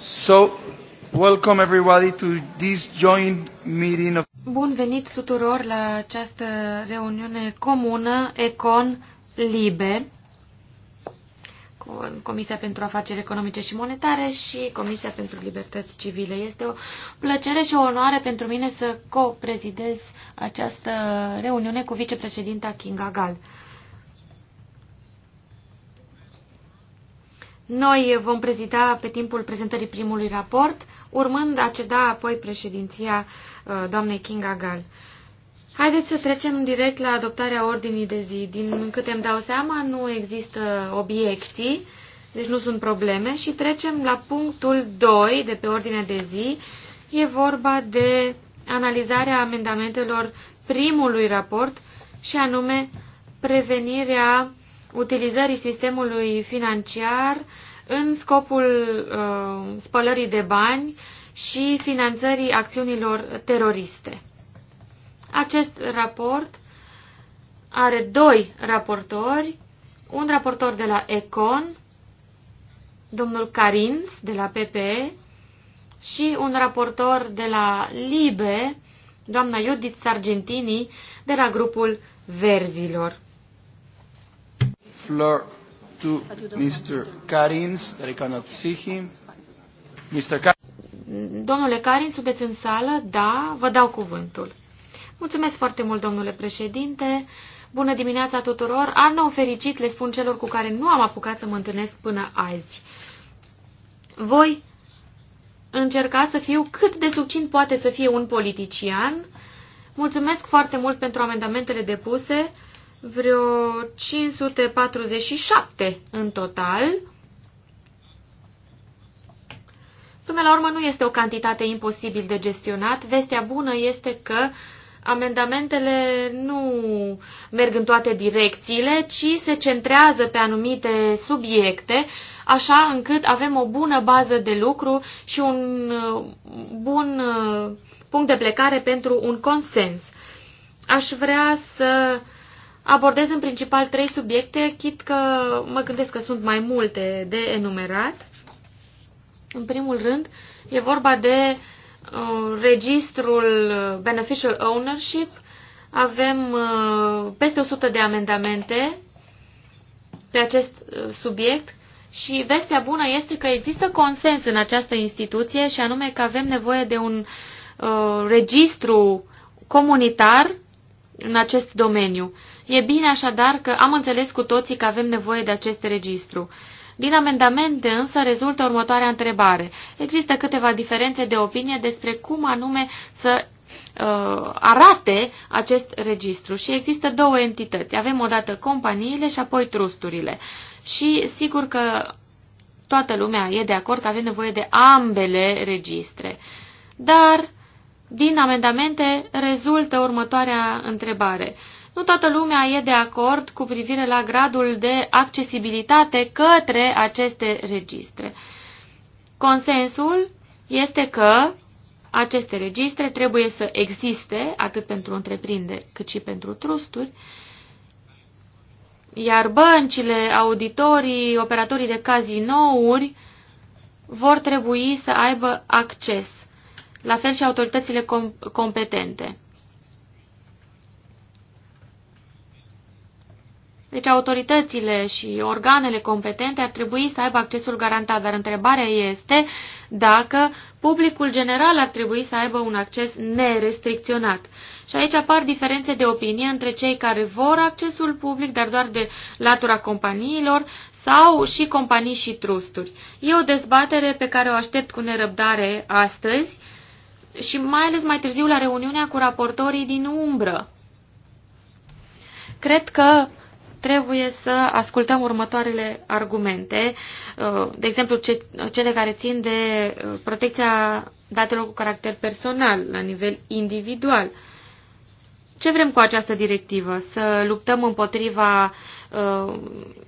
So, welcome everybody to this joint meeting of Bun venit tuturor la această reuniune comună Econ Libe Comisia pentru Afaceri Economice și Monetare și Comisia pentru Libertăți Civile. Este o plăcere și o onoare pentru mine să coprezidez această reuniune cu vicepreședinta Kinga Gal. Noi vom prezida pe timpul prezentării primului raport, urmând a ceda apoi președinția uh, doamnei Kinga Gal. Haideți să trecem direct la adoptarea ordinii de zi. Din câte îmi dau seama, nu există obiecții, deci nu sunt probleme și trecem la punctul 2 de pe ordinea de zi. E vorba de analizarea amendamentelor primului raport și anume prevenirea utilizării sistemului financiar în scopul uh, spălării de bani și finanțării acțiunilor teroriste. Acest raport are doi raportori, un raportor de la Econ, domnul Carins de la PPE și un raportor de la LIBE, doamna Judith Sargentini de la grupul Verzilor floor to Mr. Karins, that I cannot see him. Mr. Car Domnule Karin, sunteți în sală? Da, vă dau cuvântul. Mulțumesc foarte mult, domnule președinte. Bună dimineața tuturor. An nou fericit le spun celor cu care nu am apucat să mă întâlnesc până azi. Voi încerca să fiu cât de succint poate să fie un politician. Mulțumesc foarte mult pentru amendamentele depuse vreo 547 în total. Până la urmă nu este o cantitate imposibil de gestionat. Vestea bună este că amendamentele nu merg în toate direcțiile, ci se centrează pe anumite subiecte, așa încât avem o bună bază de lucru și un uh, bun uh, punct de plecare pentru un consens. Aș vrea să abordez în principal trei subiecte, chit că mă gândesc că sunt mai multe de enumerat. În primul rând, e vorba de uh, registrul Beneficial Ownership. Avem uh, peste 100 de amendamente pe acest uh, subiect și vestea bună este că există consens în această instituție și anume că avem nevoie de un uh, registru comunitar în acest domeniu. E bine așadar că am înțeles cu toții că avem nevoie de acest registru. Din amendamente însă rezultă următoarea întrebare. Există câteva diferențe de opinie despre cum anume să uh, arate acest registru și există două entități. Avem odată companiile și apoi trusturile. Și sigur că toată lumea e de acord că avem nevoie de ambele registre. Dar din amendamente rezultă următoarea întrebare. Uh, nu toată lumea e de acord cu privire la gradul de accesibilitate către aceste registre. Consensul este că aceste registre trebuie să existe atât pentru întreprinderi cât și pentru trusturi, iar băncile, auditorii, operatorii de cazinouri vor trebui să aibă acces, la fel și autoritățile competente. Deci autoritățile și organele competente ar trebui să aibă accesul garantat, dar întrebarea este dacă publicul general ar trebui să aibă un acces nerestricționat. Și aici apar diferențe de opinie între cei care vor accesul public, dar doar de latura companiilor, sau și companii și trusturi. E o dezbatere pe care o aștept cu nerăbdare astăzi și mai ales mai târziu la reuniunea cu raportorii din umbră. Cred că trebuie să ascultăm următoarele argumente, uh, de exemplu cele care țin de uh, protecția datelor cu caracter personal la nivel individual. Ce vrem cu această directivă? Să luptăm împotriva uh,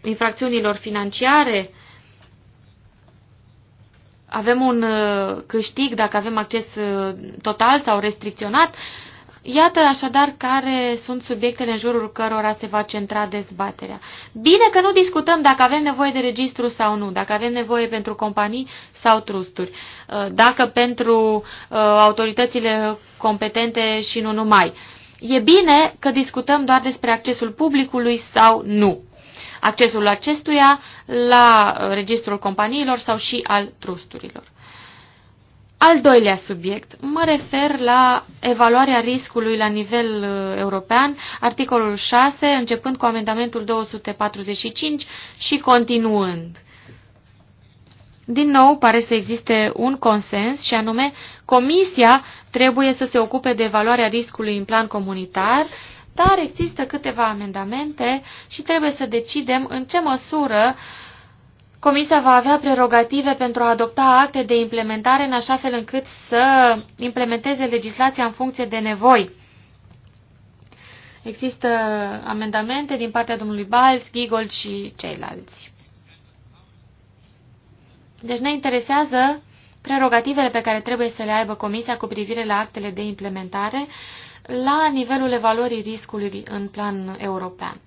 infracțiunilor financiare? Avem un câștig dacă avem acces total sau restricționat? Iată așadar care sunt subiectele în jurul cărora se va centra dezbaterea. Bine că nu discutăm dacă avem nevoie de registru sau nu, dacă avem nevoie pentru companii sau trusturi, uh, dacă pentru uh, autoritățile competente și nu numai. E bine că discutăm doar despre accesul publicului sau nu. Accesul acestuia la uh, registrul companiilor sau și al trusturilor. Al doilea subiect, mă refer la evaluarea riscului la nivel uh, european, articolul 6, începând cu amendamentul 245 și continuând. Din nou, pare să existe un consens și anume, Comisia trebuie să se ocupe de evaluarea riscului în plan comunitar, dar există câteva amendamente și trebuie să decidem în ce măsură uh, Comisia va avea prerogative pentru a adopta acte de implementare în așa fel încât să implementeze legislația în funcție de nevoi. Există amendamente din partea domnului Balz, Gigol și ceilalți. Deci ne interesează prerogativele pe care trebuie să le aibă Comisia cu privire la actele de implementare la nivelul evaluării riscului în plan european.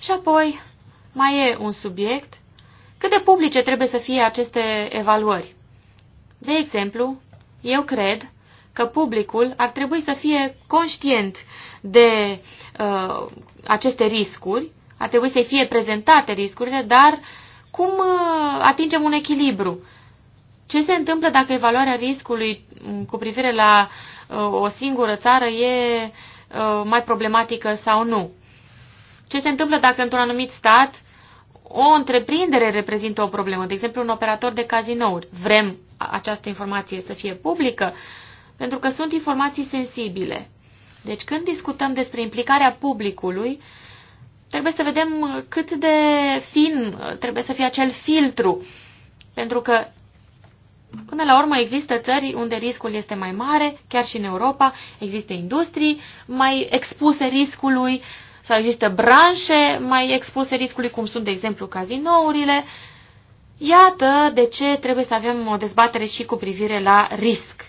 Și apoi mai e un subiect cât de publice trebuie să fie aceste evaluări? De exemplu, eu cred că publicul ar trebui să fie conștient de uh, aceste riscuri, ar trebui să fie prezentate riscurile, dar cum uh, atingem un echilibru? Ce se întâmplă dacă evaluarea riscului mm, cu privire la uh, o singură țară e uh, mai problematică sau nu? Ce se întâmplă dacă într-un anumit stat o întreprindere reprezintă o problemă, de exemplu un operator de cazinouri. Vrem această informație să fie publică pentru că sunt informații sensibile. Deci când discutăm despre implicarea publicului, trebuie să vedem cât de fin trebuie să fie acel filtru. Pentru că Până la urmă există țări unde riscul este mai mare, chiar și în Europa, există industrii mai expuse riscului, sau există branșe mai expuse riscului, cum sunt, de exemplu, cazinourile. Iată de ce trebuie să avem o dezbatere și cu privire la risc.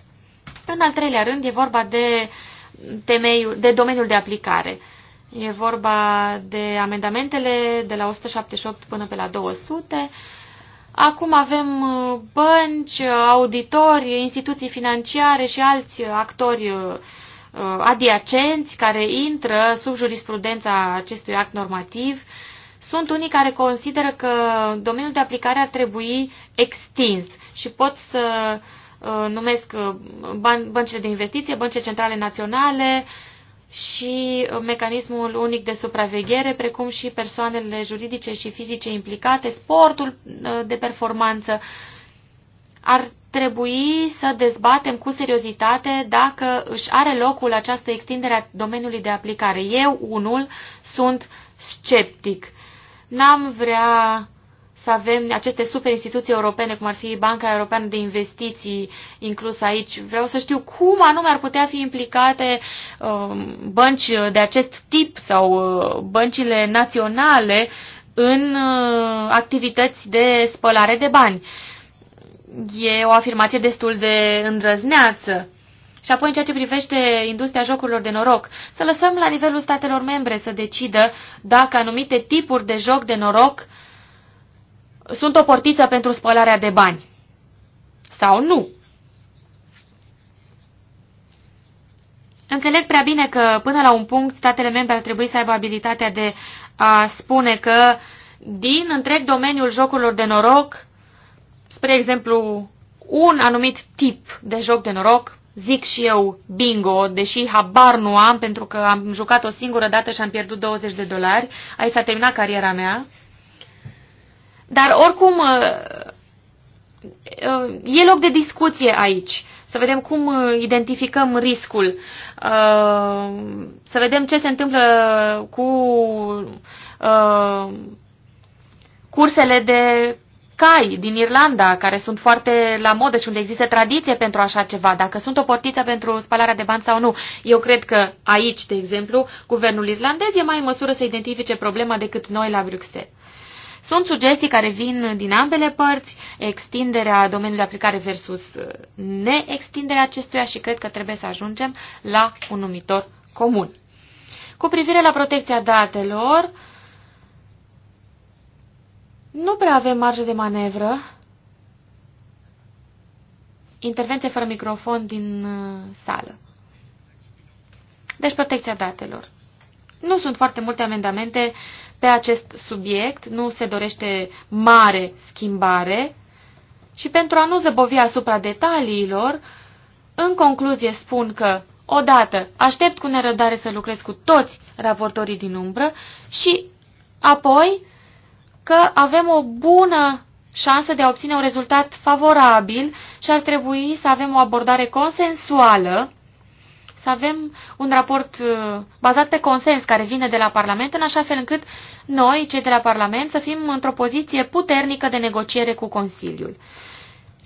În al treilea rând, e vorba de, temeiul, de domeniul de aplicare. E vorba de amendamentele de la 178 până pe la 200. Acum avem uh, bănci, auditori, instituții financiare și alți actori uh, Uh, adiacenți care intră sub jurisprudența acestui act normativ. Sunt unii care consideră că domeniul de aplicare ar trebui extins și pot să uh, numesc uh, băncile de investiție, băncile centrale naționale și mecanismul unic de supraveghere, precum și persoanele juridice și fizice implicate, sportul de performanță, ar trebui să dezbatem cu seriozitate dacă își are locul această extindere a domeniului de aplicare. Eu, unul, sunt sceptic. N-am vrea să avem aceste super instituții europene, cum ar fi Banca Europeană de Investiții inclus aici. Vreau să știu cum anume ar putea fi implicate um, bănci de acest tip sau uh, băncile naționale în uh, activități de spălare de bani. E o afirmație destul de îndrăzneață. Și apoi, în ceea ce privește industria jocurilor de noroc, să lăsăm la nivelul statelor membre să decidă dacă anumite tipuri de joc de noroc sunt o portiță pentru spălarea de bani. Sau nu. Înțeleg prea bine că până la un punct statele membre ar trebui să aibă abilitatea de a spune că din întreg domeniul jocurilor de noroc spre exemplu, un anumit tip de joc de noroc, zic și eu bingo, deși habar nu am pentru că am jucat o singură dată și am pierdut 20 de dolari, aici s-a terminat cariera mea. Dar oricum uh, uh, e loc de discuție aici. Să vedem cum uh, identificăm riscul, să vedem ce se întâmplă cu cursele de cai din Irlanda, care sunt foarte la modă și unde există tradiție pentru așa ceva, dacă sunt o portiță pentru spalarea de bani sau nu. Eu cred că aici, de exemplu, guvernul irlandez e mai în măsură să identifice problema decât noi la Bruxelles. Sunt sugestii care vin din ambele părți, extinderea domeniului aplicare versus uh, neextinderea acestuia și cred că trebuie să ajungem la un numitor comun. Cu privire la protecția datelor, uh, nu prea avem marge de manevră. Intervenție fără microfon din uh, sală. Deci protecția datelor. Nu sunt foarte multe amendamente pe acest subiect, nu se dorește mare schimbare și pentru a nu zăbovi asupra detaliilor, în concluzie spun că, odată, aștept cu nerăbdare să lucrez cu toți raportorii din umbră și, apoi, că avem o bună șansă de a obține un rezultat favorabil și ar trebui să avem o abordare consensuală, să avem un raport uh, bazat pe consens care vine de la Parlament, în așa fel încât noi, cei de la Parlament, să fim într-o poziție puternică de negociere cu Consiliul.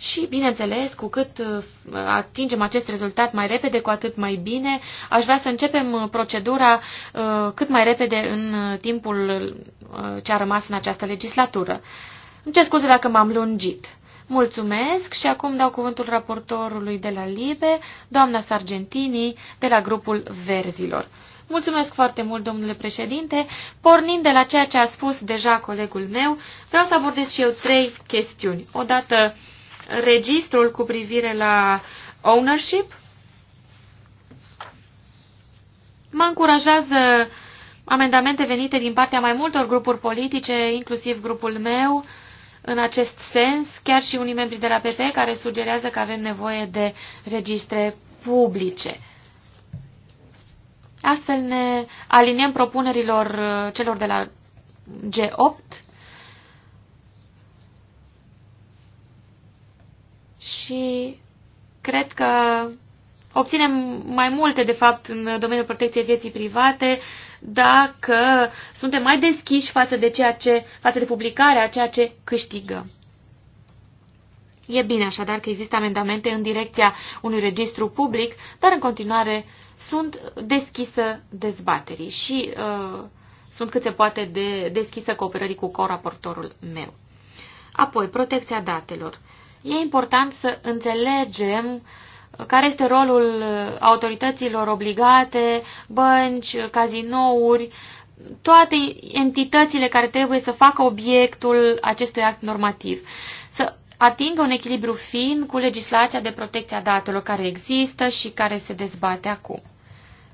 Și, bineînțeles, cu cât uh, atingem acest rezultat mai repede, cu atât mai bine. Aș vrea să începem uh, procedura uh, cât mai repede în timpul ce a rămas în această legislatură. Îmi cer scuze dacă m-am lungit. Mulțumesc și acum dau cuvântul raportorului de la LIBE, doamna Sargentini, de la grupul Verzilor. Mulțumesc foarte mult, domnule președinte. Pornind de la ceea ce a spus deja colegul meu, vreau să abordez și eu trei chestiuni. Odată, registrul cu privire la ownership mă încurajează amendamente venite din partea mai multor grupuri politice, inclusiv grupul meu, în acest sens, chiar și unii membri de la PP care sugerează că avem nevoie de registre publice. Astfel ne aliniem propunerilor uh, celor de la G8 și cred că obținem mai multe, de fapt, în domeniul protecției vieții private, dacă suntem mai deschiși față de, ceea ce, față de publicarea ceea ce câștigă. E bine așadar că există amendamente în direcția unui registru public, dar în continuare sunt deschisă dezbaterii și uh, sunt cât se poate de deschisă cooperării cu coraportorul meu. Apoi, protecția datelor. Uh, E important să înțelegem care este rolul autorităților obligate, bănci, cazinouri, toate entitățile care trebuie să facă obiectul acestui act normativ. Să atingă un echilibru fin cu legislația de protecție a datelor care există și care se dezbate acum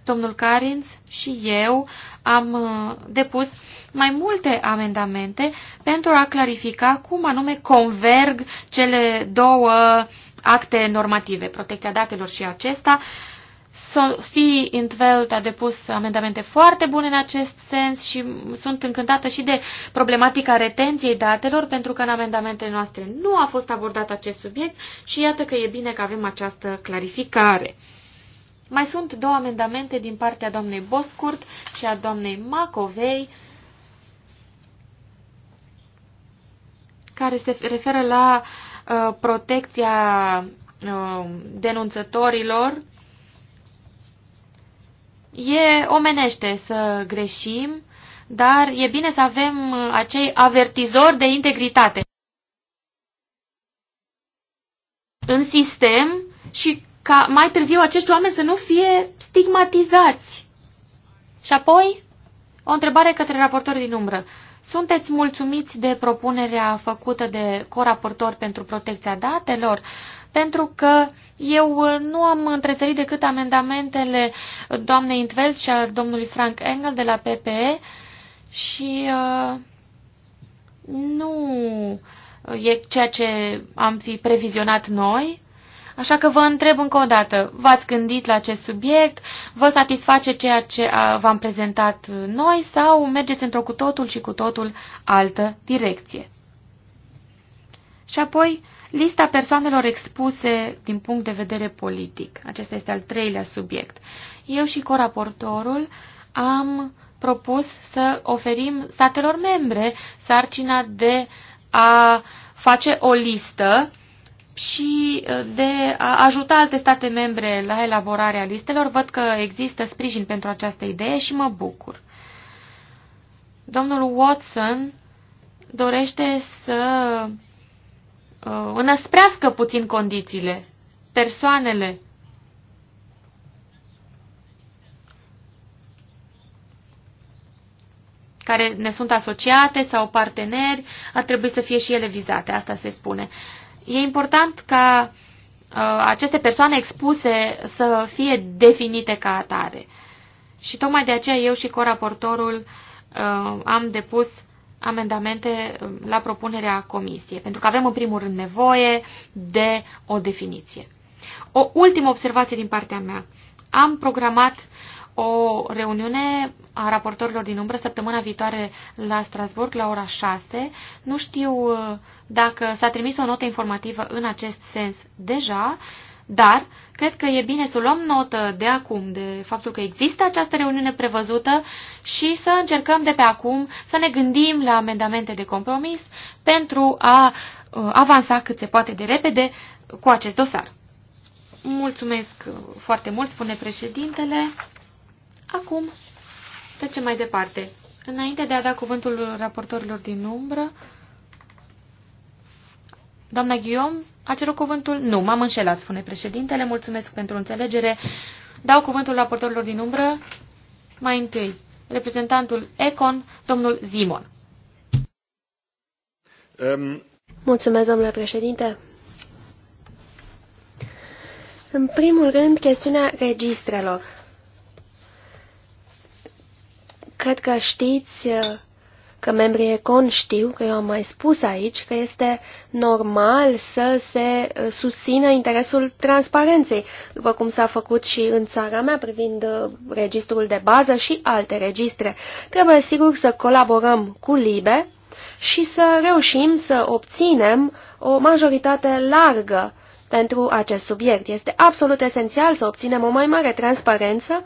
domnul Carins și eu am uh, depus mai multe amendamente pentru a clarifica cum anume converg cele două acte normative, protecția datelor și acesta. Sophie Intveld a depus amendamente foarte bune în acest sens și sunt încântată și de problematica retenției datelor, pentru că în amendamentele noastre nu a fost abordat acest subiect și iată că e bine că avem această clarificare. Mai sunt două amendamente din partea doamnei Boscurt și a doamnei Macovei, care se referă la uh, protecția uh, denunțătorilor. E omenește să greșim, dar e bine să avem uh, acei avertizori de integritate în sistem și ca mai târziu acești oameni să nu fie stigmatizați. Și apoi, o întrebare către raportorii din umbră. Sunteți mulțumiți de propunerea făcută de coraportor pentru protecția datelor? Pentru că eu uh, nu am întrezărit decât amendamentele uh, doamnei Intveld și al domnului Frank Engel de la PPE și uh, nu uh, e ceea ce am fi previzionat noi. Așa că vă întreb încă o dată, v-ați gândit la acest subiect? Vă satisface ceea ce v-am prezentat noi sau mergeți într-o cu totul și cu totul altă direcție? Și apoi, lista persoanelor expuse din punct de vedere politic. Acesta este al treilea subiect. Eu și coraportorul am propus să oferim statelor membre sarcina de a face o listă uh, și uh, de a ajuta alte state membre la elaborarea listelor. Văd că există sprijin pentru această idee și mă bucur. Domnul Watson dorește să uh, înăsprească puțin condițiile, persoanele. care ne sunt asociate sau parteneri, ar trebui să fie și ele vizate, asta se spune. Uh, E important ca uh, aceste persoane expuse să fie definite ca atare. Și tocmai de aceea eu și coraportorul uh, am depus amendamente uh, la propunerea comisiei, pentru că avem în primul rând nevoie de o definiție. O ultimă observație din partea mea. Am programat o reuniune a raportorilor din umbră săptămâna viitoare la Strasburg la ora 6. Nu știu uh, dacă s-a trimis o notă informativă în acest sens deja, dar cred că e bine să luăm notă de acum de faptul că există această reuniune prevăzută și să încercăm de pe acum să ne gândim la amendamente de compromis pentru a uh, avansa cât se poate de repede cu acest dosar. Mulțumesc foarte mult, spune președintele. Acum trecem mai departe. Înainte de a da cuvântul raportorilor din umbră, doamna Guillaume a cerut cuvântul. Nu, m-am înșelat, spune președintele. Mulțumesc pentru înțelegere. Dau cuvântul raportorilor din umbră. Mai întâi, reprezentantul Econ, domnul Zimon. Um... Mulțumesc, domnule președinte. În primul rând, chestiunea registrelor. Cred că știți uh, că membrii Econ știu, că eu am mai spus aici, că este normal să se uh, susțină interesul transparenței, după cum s-a făcut și în țara mea privind uh, registrul de bază și alte registre. Trebuie sigur să colaborăm cu LIBE și să reușim să obținem o majoritate largă pentru acest subiect. Este absolut esențial să obținem o mai mare transparență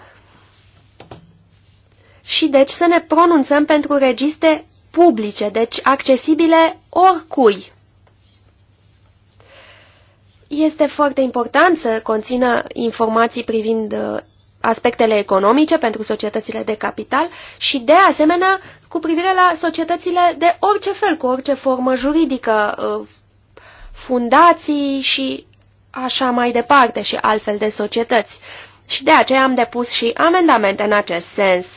și deci să ne pronunțăm pentru registre publice, deci accesibile oricui. Este foarte important să conțină informații privind uh, aspectele economice pentru societățile de capital și, de asemenea, cu privire la societățile de orice fel, cu orice formă juridică, uh, fundații și așa mai departe și altfel de societăți. Și de aceea am depus și amendamente în acest sens.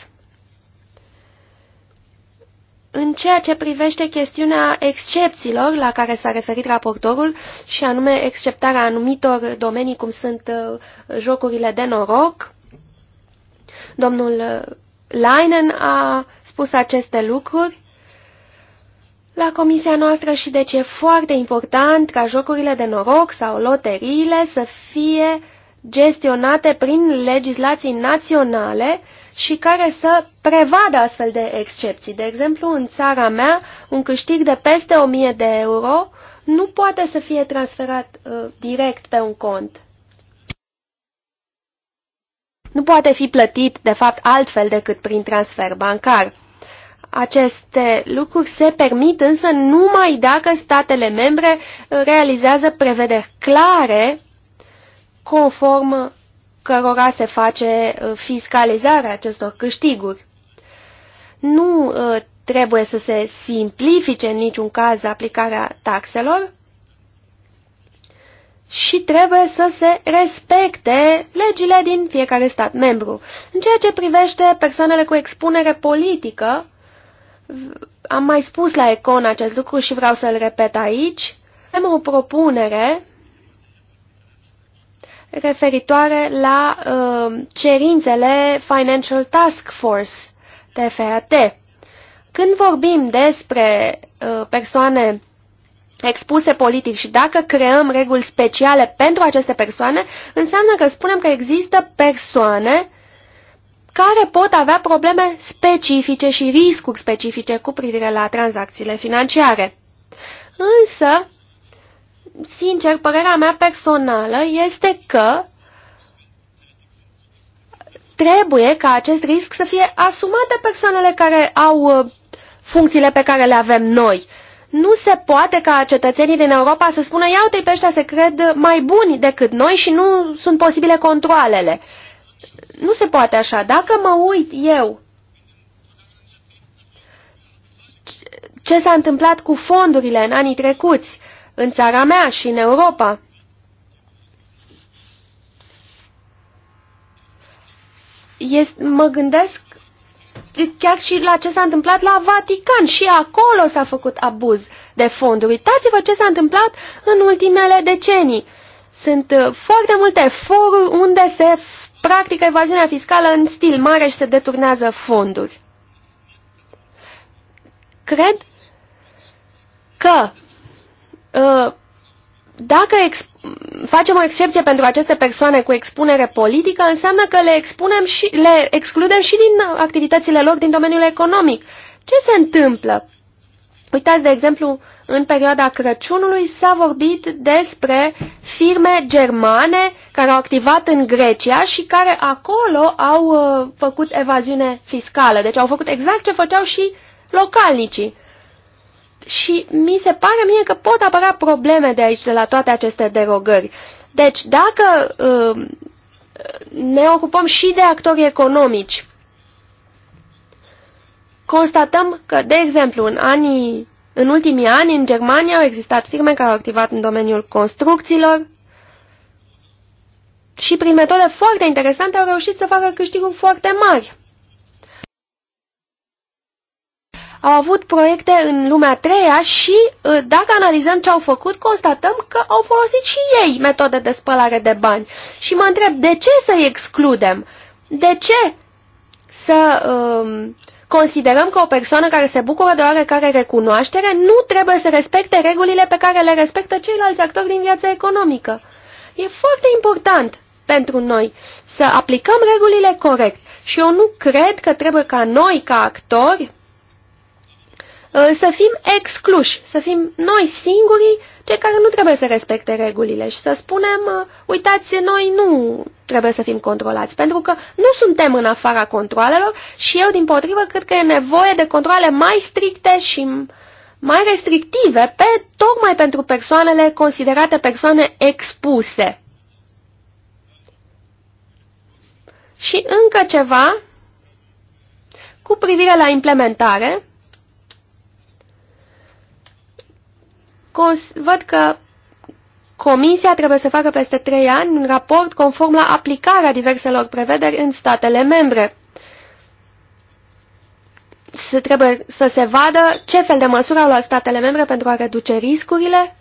În ceea ce privește chestiunea excepțiilor la care s-a referit raportorul și anume exceptarea anumitor domenii cum sunt uh, jocurile de noroc, domnul uh, Leinen a spus aceste lucruri. La comisia noastră și deci e foarte important ca jocurile de noroc sau loteriile să fie gestionate prin legislații naționale uh, și care să prevadă astfel de excepții. De exemplu, în țara mea, un câștig de peste 1000 de euro nu poate să fie transferat uh, direct pe un cont. Nu poate fi plătit, de fapt, altfel decât prin transfer bancar. Aceste lucruri se permit însă numai dacă statele membre uh, realizează prevederi clare conform cărora se face uh, fiscalizarea acestor câștiguri. Nu uh, trebuie să se simplifice în niciun caz aplicarea taxelor și trebuie să se respecte legile din fiecare stat membru. În ceea ce privește persoanele cu expunere politică, am mai spus la Econ acest lucru și vreau să-l repet aici, avem o propunere referitoare la uh, cerințele Financial Task Force, TFAT. Când vorbim despre uh, persoane expuse politic și dacă creăm reguli speciale pentru aceste persoane, înseamnă că spunem că există persoane care pot avea probleme specifice și riscuri specifice cu privire la tranzacțiile financiare. Însă, sincer, părerea mea personală este că trebuie ca acest risc să fie asumat de persoanele care au uh, funcțiile pe care le avem noi. Nu se poate ca cetățenii din Europa să spună, „Iau te pe ăștia se cred mai buni decât noi și nu sunt posibile controlele. Nu se poate așa. Dacă mă uit eu ce s-a întâmplat cu fondurile în anii trecuți, uh, în țara mea și în Europa. Este, mă gândesc chiar și la ce s-a întâmplat la Vatican. Și acolo s-a făcut abuz de fonduri. Uitați-vă ce s-a întâmplat în ultimele decenii. Sunt uh, foarte multe foruri unde se practică evaziunea fiscală în stil mare și se deturnează fonduri. Cred că Uh, dacă facem o excepție pentru aceste persoane cu expunere politică, înseamnă că le, expunem și, le excludem și din activitățile lor din domeniul economic. Ce se întâmplă? Uitați, de exemplu, în perioada Crăciunului s-a vorbit despre firme germane care au activat în Grecia și care acolo au uh, făcut evaziune fiscală. Deci au făcut exact ce făceau și localnicii. Și mi se pare mie că pot apărea probleme de aici, de la toate aceste derogări. Deci, dacă uh, ne ocupăm și de actori economici, constatăm că, de exemplu, în anii în ultimii ani, în Germania, au existat firme care au activat în domeniul construcțiilor și prin metode foarte interesante au reușit să facă câștiguri foarte mari. au avut proiecte în lumea a treia și, ă, dacă analizăm ce au făcut, constatăm că au folosit și ei metode de spălare de bani. Și mă întreb, de ce să-i excludem? De ce să um, considerăm că o persoană care se bucură de oarecare recunoaștere nu trebuie să respecte regulile pe care le respectă ceilalți actori din viața economică? E foarte important pentru noi să aplicăm regulile corect. Și eu nu cred că trebuie ca noi, ca actori, Uh, să fim excluși, să fim noi singurii cei care nu trebuie să respecte regulile și să spunem, uh, uitați, noi nu trebuie să fim controlați, pentru că nu suntem în afara controlelor și eu, din potrivă, cred că e nevoie de controle mai stricte și mai restrictive, pe, tocmai pentru persoanele considerate persoane expuse. Și încă ceva cu privire la implementare, văd că Comisia trebuie să facă peste trei ani un raport conform la aplicarea diverselor prevederi în statele membre. Se trebuie să se vadă ce fel de măsuri au luat statele membre pentru a reduce riscurile.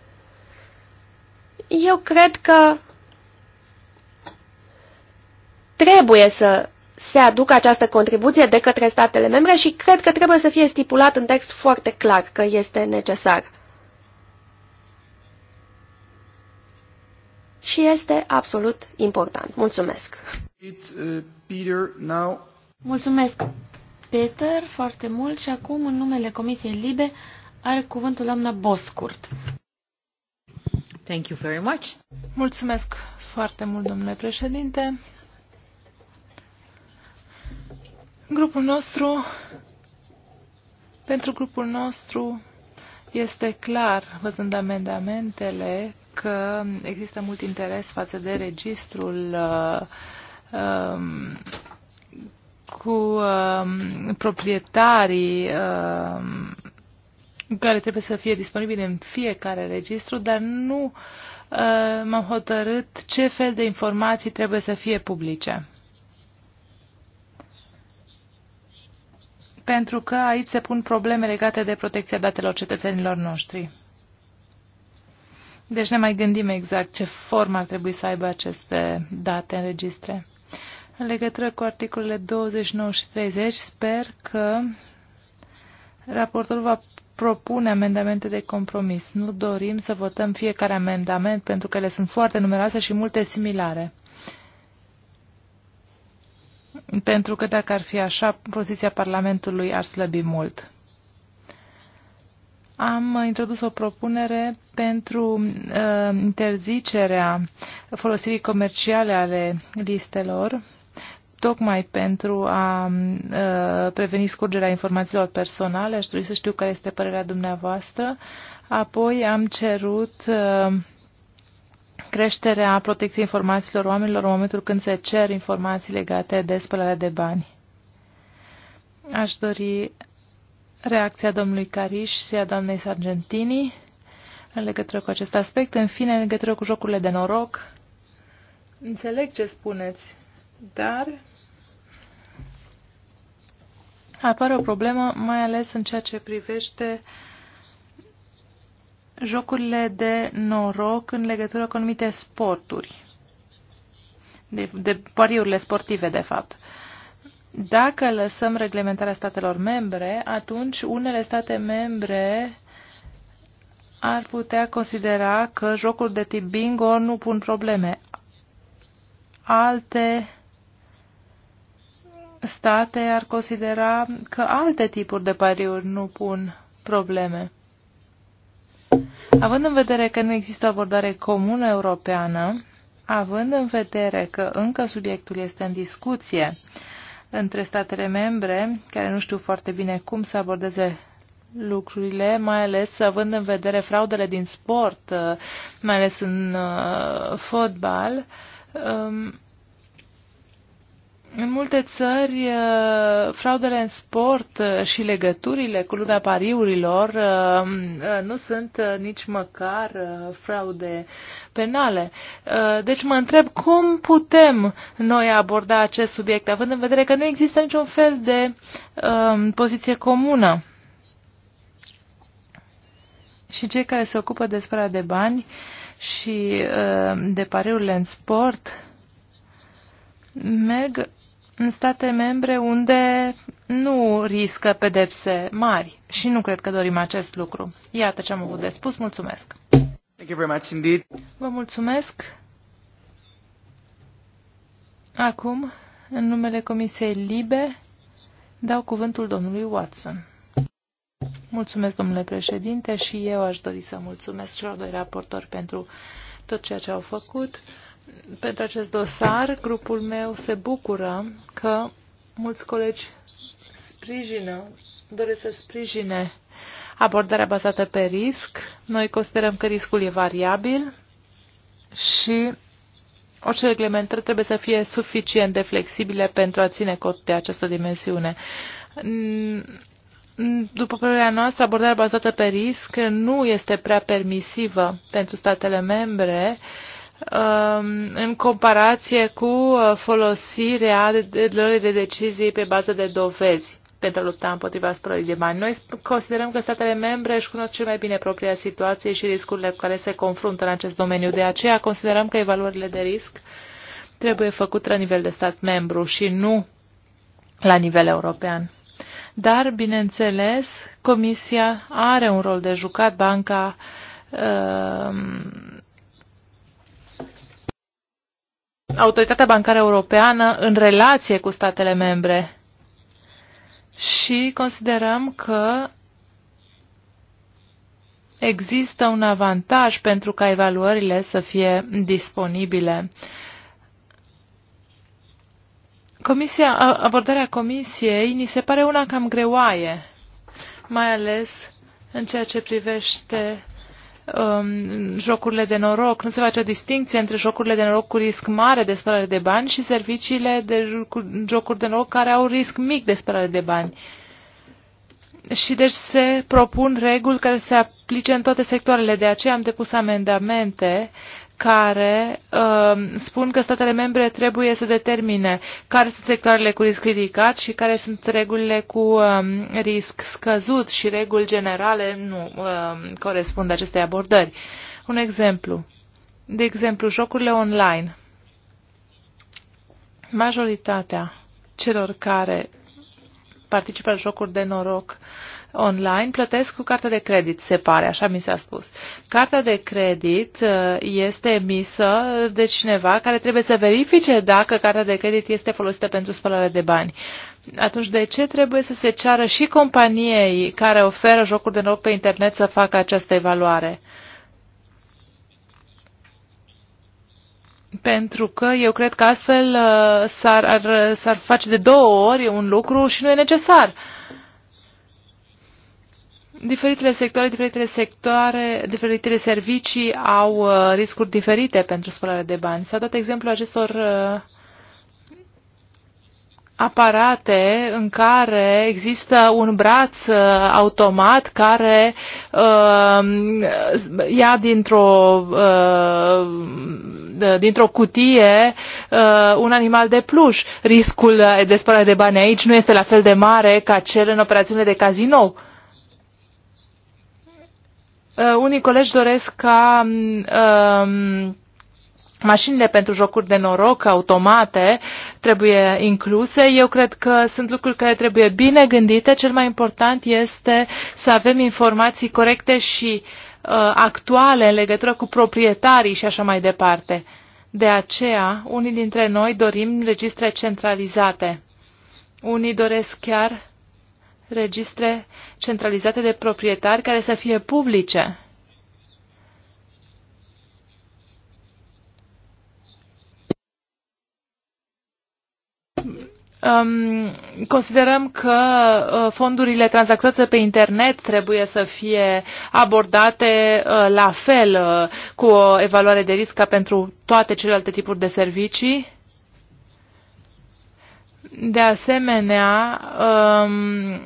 Eu cred că trebuie să se aducă această contribuție de către statele membre și cred că trebuie să fie stipulat în text foarte clar că este necesar. și este absolut important. Mulțumesc! It, uh, Peter, now... Mulțumesc, Peter, foarte mult și acum, în numele Comisiei Libe, are cuvântul doamna Boscurt. Thank you very much. Mulțumesc foarte mult, domnule președinte. Grupul nostru, pentru grupul nostru, este clar, văzând amendamentele, că există mult interes față de registrul uh, um, cu uh, proprietarii uh, care trebuie să fie disponibile în fiecare registru, dar nu uh, m-am hotărât ce fel de informații trebuie să fie publice. Pentru că aici se pun probleme legate de protecția datelor cetățenilor noștri. Deci ne mai gândim exact ce formă ar trebui să aibă aceste date în registre. În legătură cu articolele 29 și 30, sper că raportul va propune amendamente de compromis. Nu dorim să votăm fiecare amendament pentru că ele sunt foarte numeroase și multe similare. Pentru că dacă ar fi așa, poziția Parlamentului ar slăbi mult am introdus o propunere pentru uh, interzicerea folosirii comerciale ale listelor, tocmai pentru a uh, preveni scurgerea informațiilor personale. Aș dori să știu care este părerea dumneavoastră. Apoi am cerut uh, creșterea protecției informațiilor oamenilor în momentul când se cer informații legate de spălarea de bani. Aș dori reacția domnului Cariș și a doamnei Sargentini în legătură cu acest aspect. În fine, în legătură cu jocurile de noroc, înțeleg ce spuneți, dar apare o problemă, mai ales în ceea ce privește jocurile de noroc în legătură cu anumite sporturi, de, de pariurile sportive, de fapt. Uh, dacă lăsăm reglementarea statelor membre, atunci unele state membre ar putea considera că jocul de tip bingo nu pun probleme. Alte state ar considera că alte tipuri de pariuri nu pun probleme. Având în vedere că nu există o abordare comună europeană, având în vedere că încă subiectul este în discuție între statele membre, care nu știu foarte bine cum să abordeze lucrurile, mai ales având în vedere fraudele din sport, uh, mai ales în uh, fotbal. Um, în multe țări, uh, fraudele în sport uh, și legăturile cu lumea pariurilor uh, nu sunt nici măcar fraude penale. Deci mă întreb cum putem noi aborda acest subiect, având în vedere că nu există niciun fel de um, poziție comună. Și cei care se ocupă de spălarea de bani și de pariurile în sport merg în state membre unde nu riscă pedepse mari și nu cred că dorim acest lucru. Iată ce am avut de spus. Mulțumesc! Thank you very much indeed. Vă mulțumesc! Acum, în numele Comisiei Libe, dau cuvântul domnului Watson. Mulțumesc, domnule președinte, și eu aș dori să mulțumesc celor doi raportori pentru tot ceea ce au făcut pentru acest dosar. Grupul meu se bucură că mulți colegi sprijină, doresc să sprijine abordarea bazată pe risc. Noi considerăm că riscul e variabil și orice reglementări trebuie să fie suficient de flexibile pentru a ține cont de această dimensiune. După părerea noastră, abordarea bazată pe risc nu este prea permisivă pentru statele membre uh, Um, în comparație cu uh, folosirea lor de decizii pe bază de dovezi pentru a lupta împotriva spălării de bani. Noi considerăm că statele membre își cunosc cel mai bine propria situație și riscurile cu care se confruntă în acest domeniu. De aceea considerăm că evaluările de risc trebuie făcute la nivel de stat membru și nu la nivel european. Dar, bineînțeles, Comisia are un rol de jucat, banca um, Autoritatea Bancară Europeană în relație cu statele membre și considerăm că există un avantaj pentru ca evaluările să fie disponibile. Comisia, abordarea comisiei ni se pare una cam greoaie, mai ales în ceea ce privește Um, jocurile de noroc. Nu se face o distinție între jocurile de noroc cu risc mare de spălare de bani și serviciile de jocuri de noroc care au risc mic de spălare de bani. Și deci se propun reguli care se aplice în toate sectoarele. De aceea am depus amendamente uh, care uh, spun că statele membre trebuie să determine care sunt sectoarele cu risc ridicat și care sunt regulile cu uh, risc scăzut și reguli generale nu uh, corespund acestei abordări. Un exemplu. De exemplu, jocurile online. Majoritatea celor care participă la jocuri de noroc uh, online plătesc cu cartea de credit, se pare, așa mi s-a spus. Cartea de credit uh, este emisă de cineva care trebuie să verifice dacă cartea de credit este folosită pentru spălare de bani. Atunci de ce trebuie să se ceară și companiei care oferă jocuri de noroc pe internet să facă această evaluare? Pentru că eu cred că astfel uh, s-ar, ar, s-ar face de două ori un lucru și nu e necesar. Uh, Diferitele sectoare, diferitele sectoare, diferitele servicii au uh, riscuri diferite pentru spălare de bani. S-a dat exemplu acestor uh, aparate în care există un braț uh, automat care uh, ia dintr-o uh, dintr-o cutie uh, un animal de pluș. Riscul de spălare de bani aici nu este la fel de mare ca cel în operațiunile de cazinou. Uh, Uh, unii colegi doresc ca um, mașinile pentru jocuri de noroc, automate, trebuie incluse. Eu cred că sunt lucruri care trebuie bine gândite. Cel mai important este să avem informații corecte și uh, actuale în legătură cu proprietarii și așa mai departe. De aceea, unii dintre noi dorim registre centralizate. Unii doresc chiar registre centralizate de proprietari care să fie publice. Um, considerăm că uh, fondurile tranzacționate pe internet trebuie să fie abordate uh, la fel uh, cu o evaluare de risc ca pentru toate celelalte tipuri de servicii. De asemenea, um,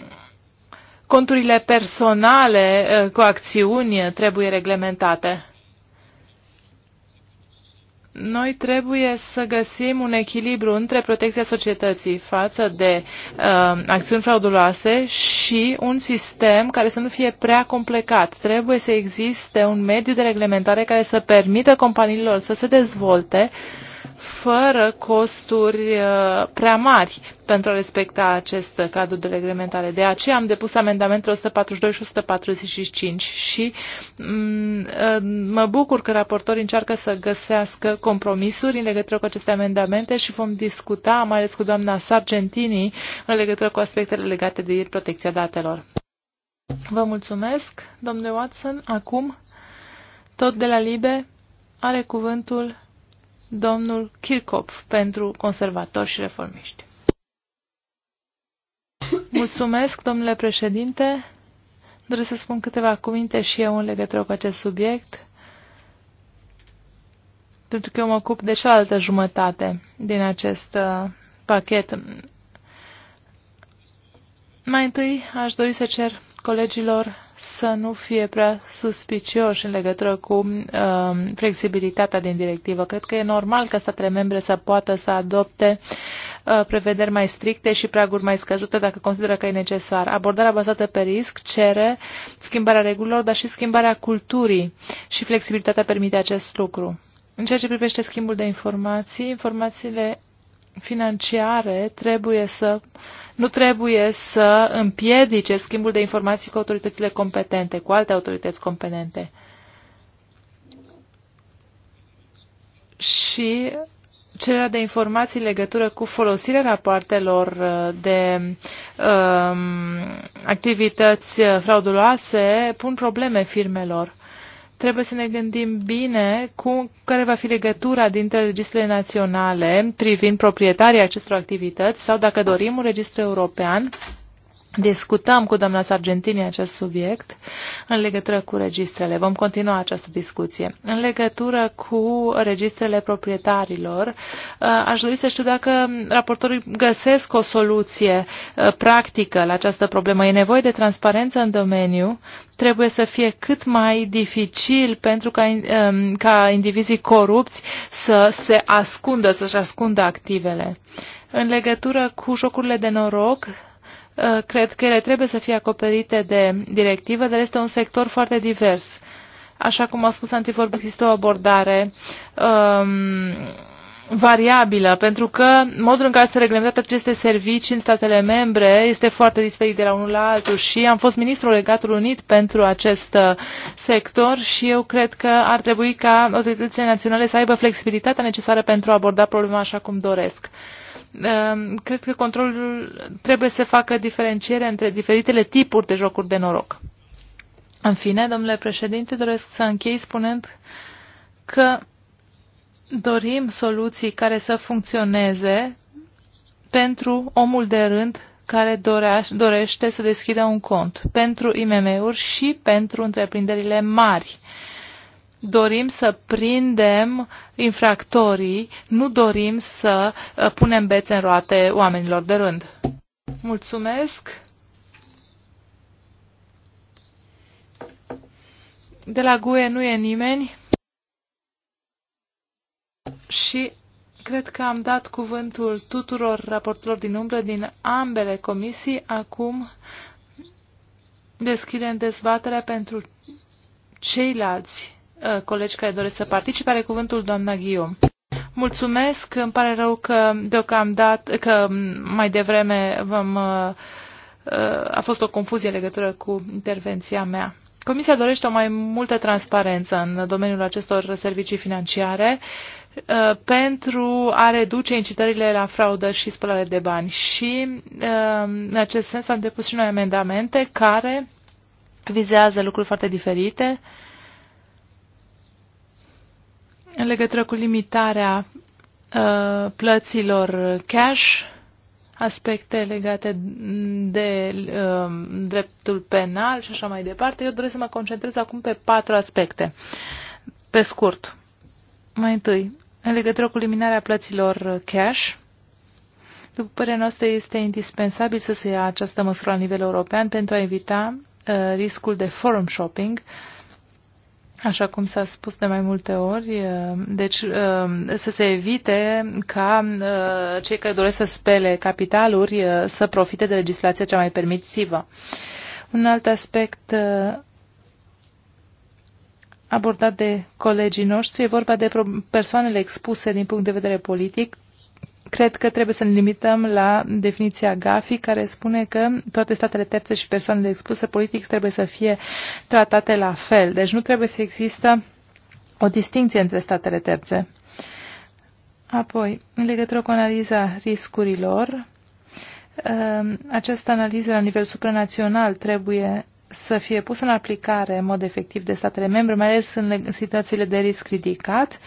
conturile personale uh, cu acțiuni trebuie reglementate. Noi trebuie să găsim un echilibru între protecția societății față de uh, acțiuni frauduloase și un sistem care să nu fie prea complicat. Trebuie să existe un mediu de reglementare care să permită companiilor să se dezvolte uh, fără costuri uh, prea mari pentru a respecta acest cadru de reglementare. De aceea am depus amendamentele 142 și 145 și mm, uh, mă bucur că raportorii încearcă să găsească compromisuri în legătură cu aceste amendamente și vom discuta, mai ales cu doamna Sargentini, în legătură cu aspectele legate de protecția datelor. Vă mulțumesc, domnule Watson. Acum, tot de la Libe, are cuvântul domnul Kirchhoff pentru conservatori și reformiști. Mulțumesc, domnule președinte. Doresc să spun câteva cuvinte și eu în legătură cu acest subiect, pentru că eu mă ocup de cealaltă jumătate din acest uh, pachet. Mai întâi aș dori să cer colegilor să nu fie prea suspicioși în legătură cu uh, flexibilitatea din directivă. Cred că e normal ca statele membre să poată să adopte uh, prevederi mai stricte și praguri mai scăzute dacă consideră că e necesar. Abordarea bazată pe risc cere schimbarea regulilor, dar și schimbarea culturii și flexibilitatea permite acest lucru. În ceea ce privește schimbul de informații, informațiile financiare trebuie să, nu trebuie să împiedice schimbul de informații cu autoritățile competente, cu alte autorități competente. Și cererea de informații în legătură cu folosirea rapoartelor de um, activități frauduloase pun probleme firmelor trebuie să ne gândim bine cu care va fi legătura dintre registrele naționale privind proprietarii acestor activități sau, dacă dorim, un registru european Discutam cu doamna Sargentini acest subiect în legătură cu registrele. Vom continua această discuție. În legătură cu registrele proprietarilor, uh, aș dori să știu dacă raportorii găsesc o soluție uh, practică la această problemă. E nevoie de transparență în domeniu. Trebuie să fie cât mai dificil pentru ca, um, ca indivizii corupți să se ascundă, să-și ascundă activele. În legătură cu jocurile de noroc, Uh, cred că ele trebuie să fie acoperite de directivă, dar este un sector foarte divers. Așa cum a spus antivorb, există o abordare um, variabilă, pentru că modul în care se reglementează aceste servicii în statele membre este foarte diferit de la unul la altul și am fost ministrul legatul Unit pentru acest uh, sector și eu cred că ar trebui ca autoritățile naționale să aibă flexibilitatea necesară pentru a aborda problema așa cum doresc. Ehm, cred că controlul trebuie să facă diferenciere între diferitele tipuri de jocuri de noroc. În fine, domnule președinte, doresc să închei spunând că dorim soluții care să funcționeze pentru omul de rând care dorea, dorește să deschidă un cont, pentru IMM-uri și pentru întreprinderile mari dorim să prindem infractorii, nu dorim să uh, punem bețe în roate oamenilor de rând. Mulțumesc! De la GUE nu e nimeni și cred că am dat cuvântul tuturor raportelor din umbră din ambele comisii. Acum deschidem dezbaterea pentru ceilalți Uh, colegi care doresc să participe. Are cuvântul doamna Ghiu. Mulțumesc. Îmi pare rău că deocamdată, că mai devreme v-am, uh, uh, a fost o confuzie legătură cu intervenția mea. Comisia dorește o mai multă transparență în domeniul acestor servicii financiare pentru a reduce incitările la fraudă și spălare de bani. Și în acest sens am depus și noi amendamente care vizează lucruri foarte diferite. Uh, în legătură cu limitarea uh, plăților cash, aspecte legate de uh, dreptul penal și așa mai departe. Eu doresc să mă concentrez acum pe patru aspecte, pe scurt. Mai întâi, în legătură cu eliminarea plăților cash, după părerea noastră este indispensabil să se ia această măsură la nivel european pentru a evita uh, riscul de forum shopping uh, Așa cum s-a spus de mai multe ori, uh, deci uh, să se evite ca uh, cei care doresc să spele capitaluri să profite de legislația cea mai permisivă. Un alt aspect abordat de colegii noștri e vorba de persoanele expuse din punct de vedere politic cred că trebuie să ne limităm la definiția GAFI, care spune că toate statele terțe și persoanele expuse politic trebuie să fie tratate la fel. Deci nu trebuie să există o distinție între statele terțe. Apoi, în legătură cu analiza riscurilor, ehm, această analiză la nivel supranațional trebuie să fie pusă în aplicare în mod efectiv de statele membre, mai ales în situațiile de risc ridicat,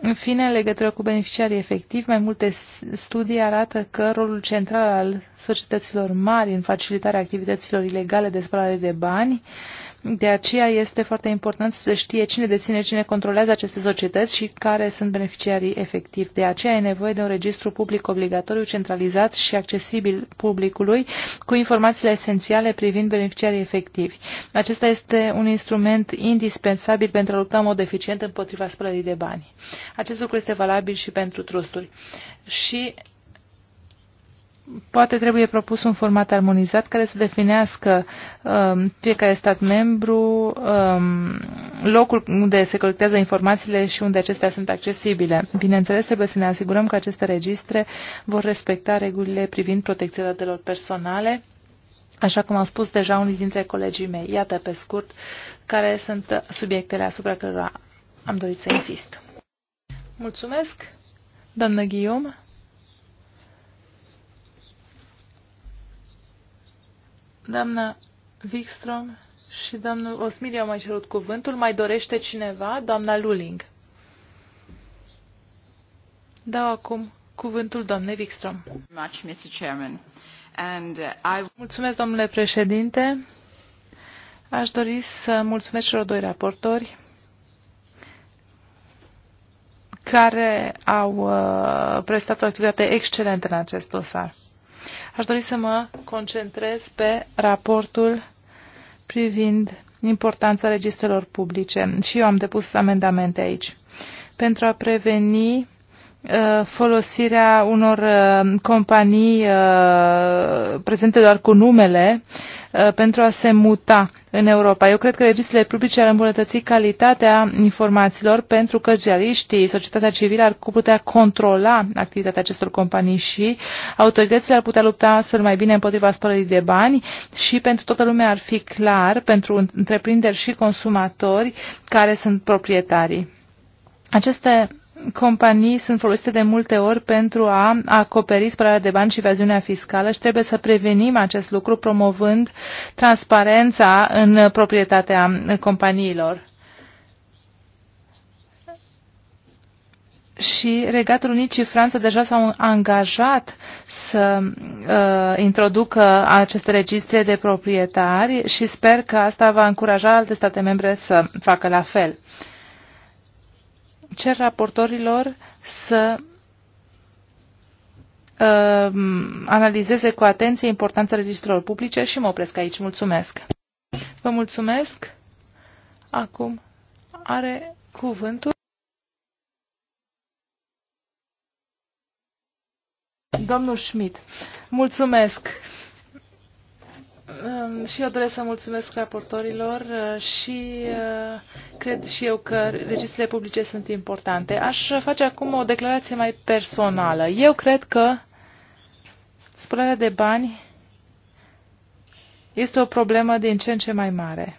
în fine, în legătură cu beneficiarii efectivi, mai multe studii arată că rolul central al societăților mari în facilitarea activităților ilegale de spălare de bani de aceea este foarte important să se știe cine deține, cine controlează aceste societăți și care sunt beneficiarii efectivi. De aceea e nevoie de un registru public obligatoriu, centralizat și accesibil publicului, cu informațiile esențiale privind beneficiarii efectivi. Acesta este un instrument indispensabil pentru a lupta în mod eficient împotriva spălării de bani. Acest lucru este valabil și pentru trusturi. Și poate trebuie propus un format armonizat care să definească um, fiecare stat membru um, locul unde se colectează informațiile și unde acestea sunt accesibile. Bineînțeles, trebuie să ne asigurăm că aceste registre vor respecta regulile privind protecția datelor personale, așa cum au spus deja unii dintre colegii mei. Iată, pe scurt, care sunt subiectele asupra cărora am dorit să insist. Mulțumesc, doamnă Guillaume. Doamna Wikström și domnul Osmiri au mai cerut cuvântul. Mai dorește cineva? Doamna Luling. Dau acum cuvântul doamnei Wikström. Uh, mulțumesc, domnule președinte. Aș dori să mulțumesc celor doi raportori care au uh, prestat o activitate excelentă în acest dosar. Aș dori să mă concentrez pe raportul privind importanța registrelor publice și eu am depus amendamente aici pentru a preveni Uh, folosirea unor uh, companii uh, prezente doar cu numele pentru a se muta în Europa. Eu cred că registrele publice ar îmbunătăți calitatea informațiilor pentru că ziariștii, societatea civilă ar putea controla activitatea acestor companii și autoritățile ar putea lupta astfel mai bine împotriva spălării de bani și pentru toată lumea ar fi clar, pentru întreprinderi și consumatori care sunt proprietarii. Aceste companii sunt folosite de multe ori pentru a acoperi spălarea de bani și evaziunea fiscală și trebuie să prevenim acest lucru promovând transparența în proprietatea companiilor. și Regatul Unit și Franța deja s-au angajat să uh, introducă aceste registre de proprietari și sper că asta va încuraja alte state membre să facă la fel. Uh, cer raportorilor să uh, analizeze cu atenție importanța registrelor publice și mă opresc aici. Mulțumesc! Vă mulțumesc! Acum are cuvântul domnul Schmidt. Mulțumesc! Și eu doresc să mulțumesc raportorilor uh, și uh, cred și eu că registrele publice sunt importante. Aș face acum o declarație mai personală. Eu cred că spălarea de bani este o problemă din ce în ce mai mare,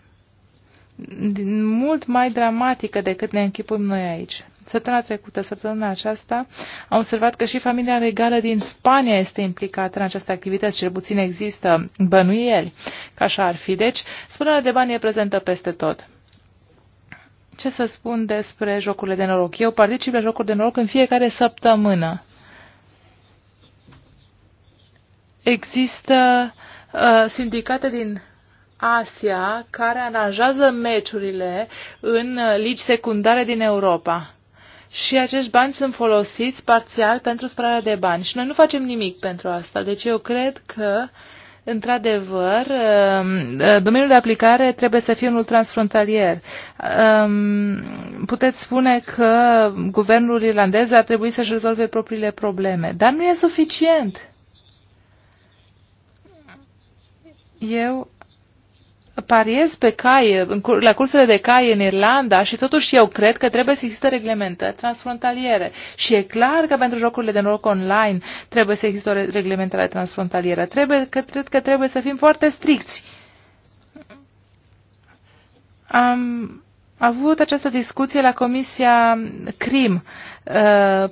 mult mai dramatică decât ne închipuim noi aici. Săptămâna trecută, săptămâna aceasta, am observat că și familia regală din Spania este implicată în această activitate, cel puțin există bănuieli, că așa ar fi. Deci, spălarea de bani e prezentă peste tot. Ce să spun despre jocurile de noroc? Eu particip la jocuri de noroc în fiecare săptămână. Există uh, sindicate din Asia care aranjează meciurile în uh, ligi secundare din Europa și acești bani sunt folosiți parțial pentru spălarea de bani. Și noi nu facem nimic pentru asta. Deci eu cred că, într-adevăr, um, domeniul de aplicare trebuie să fie unul transfrontalier. Um, puteți spune că guvernul irlandez ar trebui să-și rezolve propriile probleme, dar nu e suficient. Eu pariez pe cai, la cursele de cai în Irlanda și totuși eu cred că trebuie să existe reglementări transfrontaliere. Și e clar că pentru jocurile de noroc online trebuie să existe o reglementare transfrontalieră. Trebuie, că, cred că trebuie să fim foarte stricți. Am avut această discuție la Comisia CRIM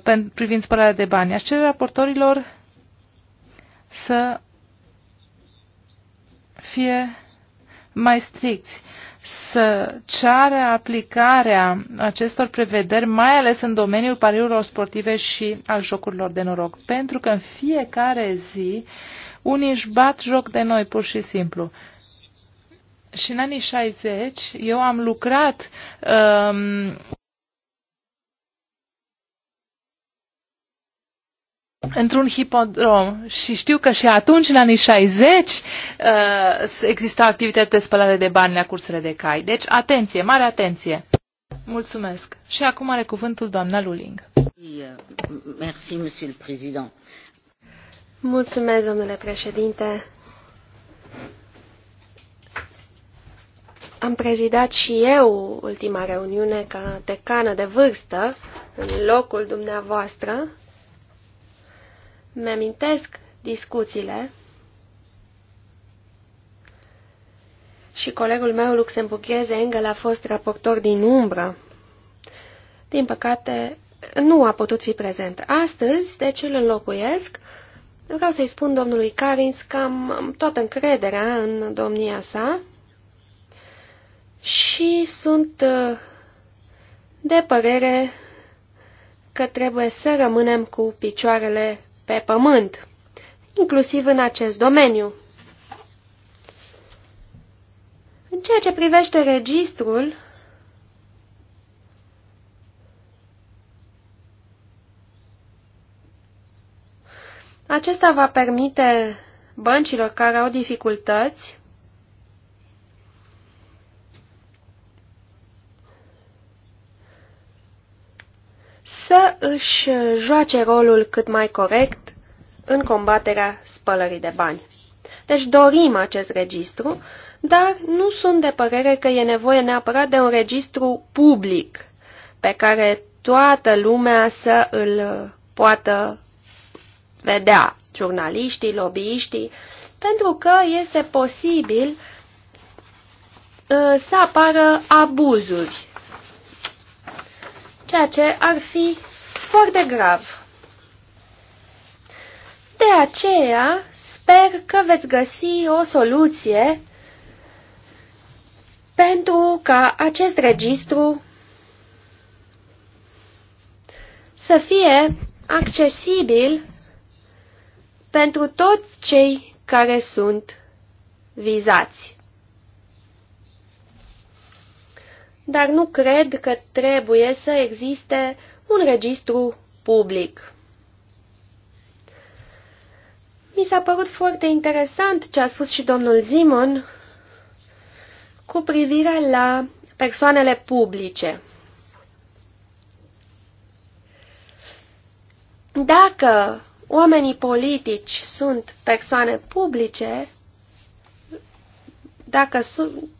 uh, privind spălarea de bani. Aș cere raportorilor să fie mai stricți, să ceară aplicarea acestor prevederi, mai ales în domeniul pariurilor sportive și al jocurilor de noroc, pentru că în fiecare zi unii își bat joc de noi pur și simplu. Și în anii 60 eu am lucrat um, într-un hipodrom și știu că și atunci, în anii 60, uh, exista activitate de spălare de bani la cursele de cai. Deci, atenție, mare atenție! Mulțumesc. Și acum are cuvântul doamna Luling. Merci, monsieur le président. Mulțumesc, domnule președinte. Am prezidat și eu ultima reuniune ca decană de vârstă în locul dumneavoastră mi-amintesc discuțiile și colegul meu luxemburgheze Engel a fost raportor din umbră. Din păcate, nu a putut fi prezent astăzi, de deci, ce îl înlocuiesc. Vreau să-i spun domnului Carins că am toată încrederea în domnia sa și sunt uh, de părere că trebuie să rămânem cu picioarele pe pământ, inclusiv în acest domeniu. În ceea ce privește registrul, acesta va permite băncilor care au dificultăți să își joace rolul cât mai corect în combaterea spălării de bani. Deci dorim acest registru, dar nu sunt de părere că e nevoie neapărat de un registru public pe care toată lumea să îl poată vedea, jurnaliștii, lobbyiștii, pentru că este posibil uh, să apară abuzuri, ceea ce ar fi foarte grav aceea sper că veți găsi o soluție pentru ca acest registru să fie accesibil pentru toți cei care sunt vizați. Dar nu cred că trebuie să existe un registru public. Mi s-a părut foarte interesant ce a spus și domnul Zimon cu privire la persoanele publice. Dacă oamenii politici sunt persoane publice, dacă sunt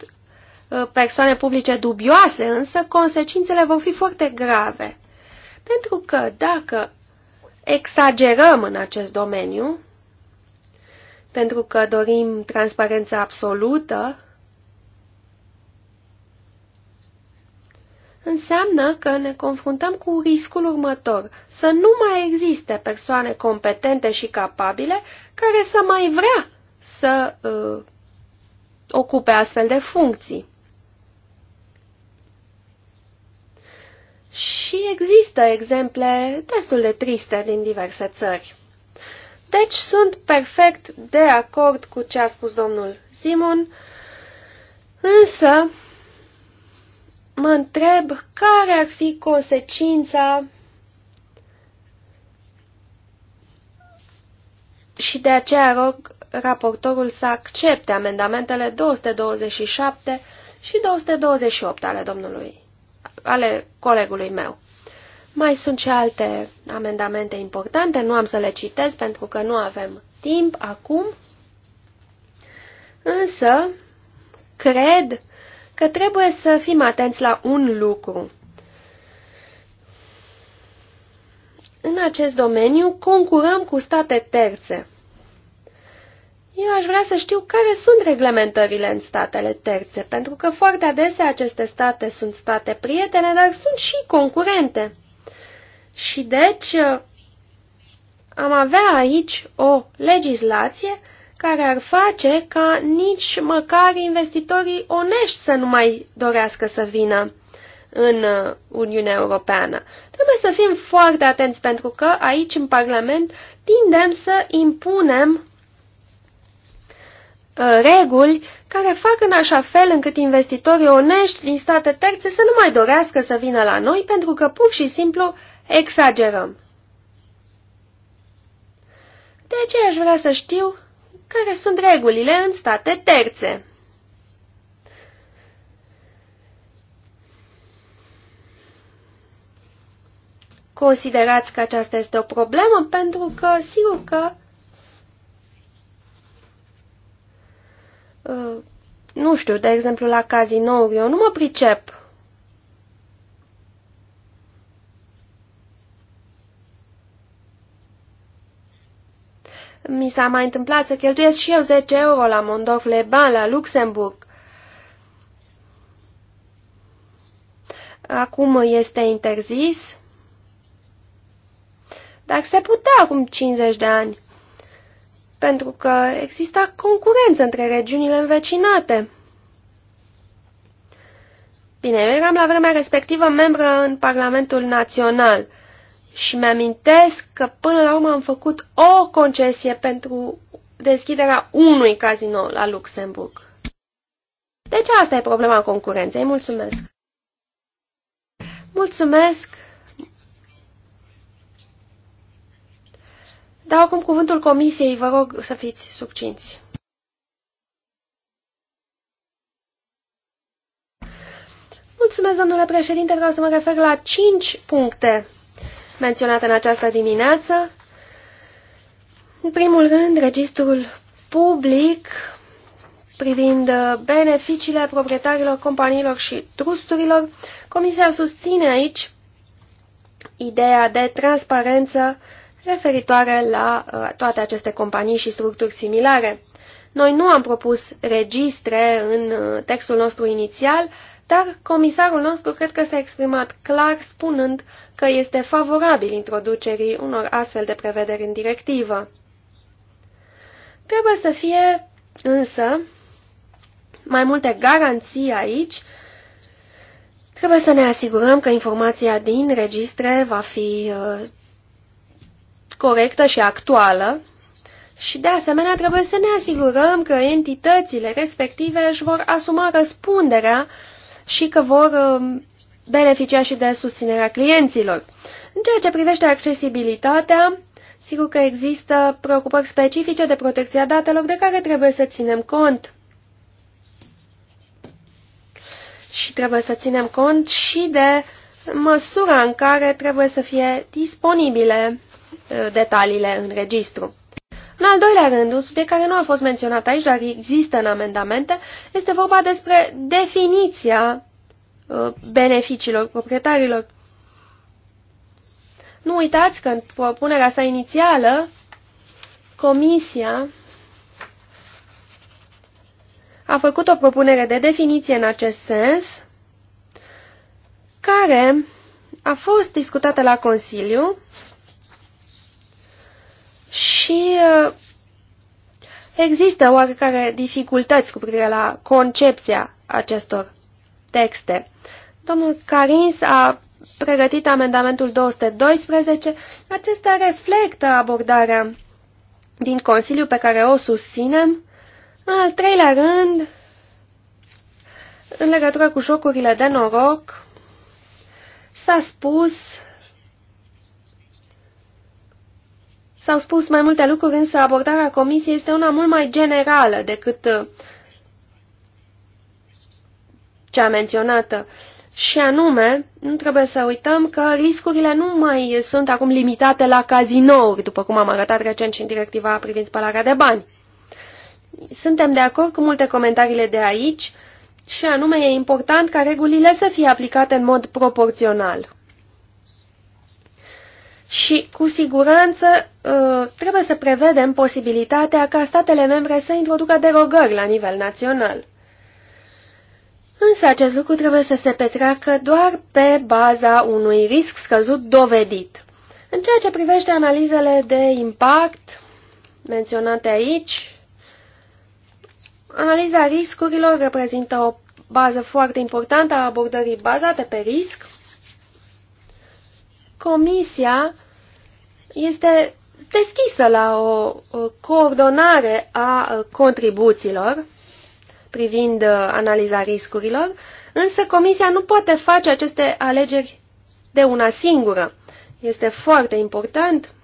uh, persoane publice dubioase, însă, consecințele vor fi foarte grave. Pentru că dacă exagerăm în acest domeniu, pentru că dorim transparență absolută, înseamnă că ne confruntăm cu riscul următor, să nu mai existe persoane competente și capabile care să mai vrea să uh, ocupe astfel de funcții. Și există exemple destul de triste din diverse țări. Deci sunt perfect de acord cu ce a spus domnul Simon, însă mă întreb care ar fi consecința și de aceea rog raportorul să accepte amendamentele 227 și 228 ale domnului, ale colegului meu. Mai sunt și alte amendamente importante, nu am să le citesc pentru că nu avem timp acum, însă cred că trebuie să fim atenți la un lucru. În acest domeniu concurăm cu state terțe. Eu aș vrea să știu care sunt reglementările în statele terțe, pentru că foarte adesea aceste state sunt state prietene, dar sunt și concurente. Și deci uh, am avea aici o legislație care ar face ca nici măcar investitorii onești să nu mai dorească să vină în uh, Uniunea Europeană. Trebuie să fim foarte atenți pentru că aici în Parlament tindem să impunem uh, reguli care fac în așa fel încât investitorii onești din state terțe să nu mai dorească să vină la noi pentru că pur și simplu exagerăm. De ce aș vrea să știu care sunt regulile în state terțe. Considerați că aceasta este o problemă pentru că, sigur că, uh, nu știu, de exemplu, la cazinouri, eu nu mă pricep Mi s-a mai întâmplat să cheltuiesc și eu 10 euro la Mondorf Leban, la Luxemburg. Acum este interzis, dar se putea acum 50 de ani, pentru că exista concurență între regiunile învecinate. Bine, eu eram la vremea respectivă membră în Parlamentul Național – și mi-amintesc că până la urmă am făcut o concesie pentru deschiderea unui casino la Luxemburg. Deci asta e problema concurenței. Mulțumesc! Mulțumesc! Dau acum cuvântul comisiei, vă rog să fiți succinți. Mulțumesc, domnule președinte, vreau să mă refer la cinci puncte menționat în această dimineață. În primul rând, registrul public privind beneficiile proprietarilor companiilor și trusturilor. Comisia susține aici ideea de transparență referitoare la uh, toate aceste companii și structuri similare. Noi nu am propus registre în uh, textul nostru inițial, dar comisarul nostru cred că s-a exprimat clar spunând că este favorabil introducerii unor astfel de prevederi în directivă. Trebuie să fie, însă, mai multe garanții aici. Trebuie să ne asigurăm că informația din registre va fi uh, corectă și actuală și de asemenea trebuie să ne asigurăm că entitățile respective își vor asuma răspunderea și că vor um, beneficia și de susținerea clienților. În ceea ce privește accesibilitatea, sigur că există preocupări specifice de protecția datelor de care trebuie să ținem cont. Și trebuie să ținem cont și de măsura în care trebuie să fie disponibile uh, detaliile în registru. În al doilea rând, un subiect care nu a fost menționat aici, dar există în amendamente, este vorba despre definiția uh, beneficiilor proprietarilor. Nu uitați că în propunerea sa inițială, Comisia a făcut o propunere de definiție în acest sens, care a fost discutată la Consiliu și uh, există oarecare dificultăți cu privire la concepția acestor texte. Domnul Carins a pregătit amendamentul 212. Acesta reflectă abordarea din Consiliu pe care o susținem. În al treilea rând, în legătură cu jocurile de noroc, s-a spus S-au spus mai multe lucruri, însă abordarea comisiei este una mult mai generală decât uh, cea menționată. Și anume, nu trebuie să uităm că riscurile nu mai sunt acum limitate la cazinouri, după cum am arătat recent și în directiva privind spălarea de bani. Suntem de acord cu multe comentariile de aici și anume e important ca regulile să fie aplicate în mod proporțional. Și, cu siguranță, ă, trebuie să prevedem posibilitatea ca statele membre să introducă derogări la nivel național. Însă acest lucru trebuie să se petreacă doar pe baza unui risc scăzut dovedit. În ceea ce privește analizele de impact menționate aici, analiza riscurilor reprezintă o bază foarte importantă a abordării bazate pe risc Comisia este deschisă la o coordonare a contribuțiilor privind uh, analiza riscurilor, însă Comisia nu poate face aceste alegeri de una singură. Este foarte important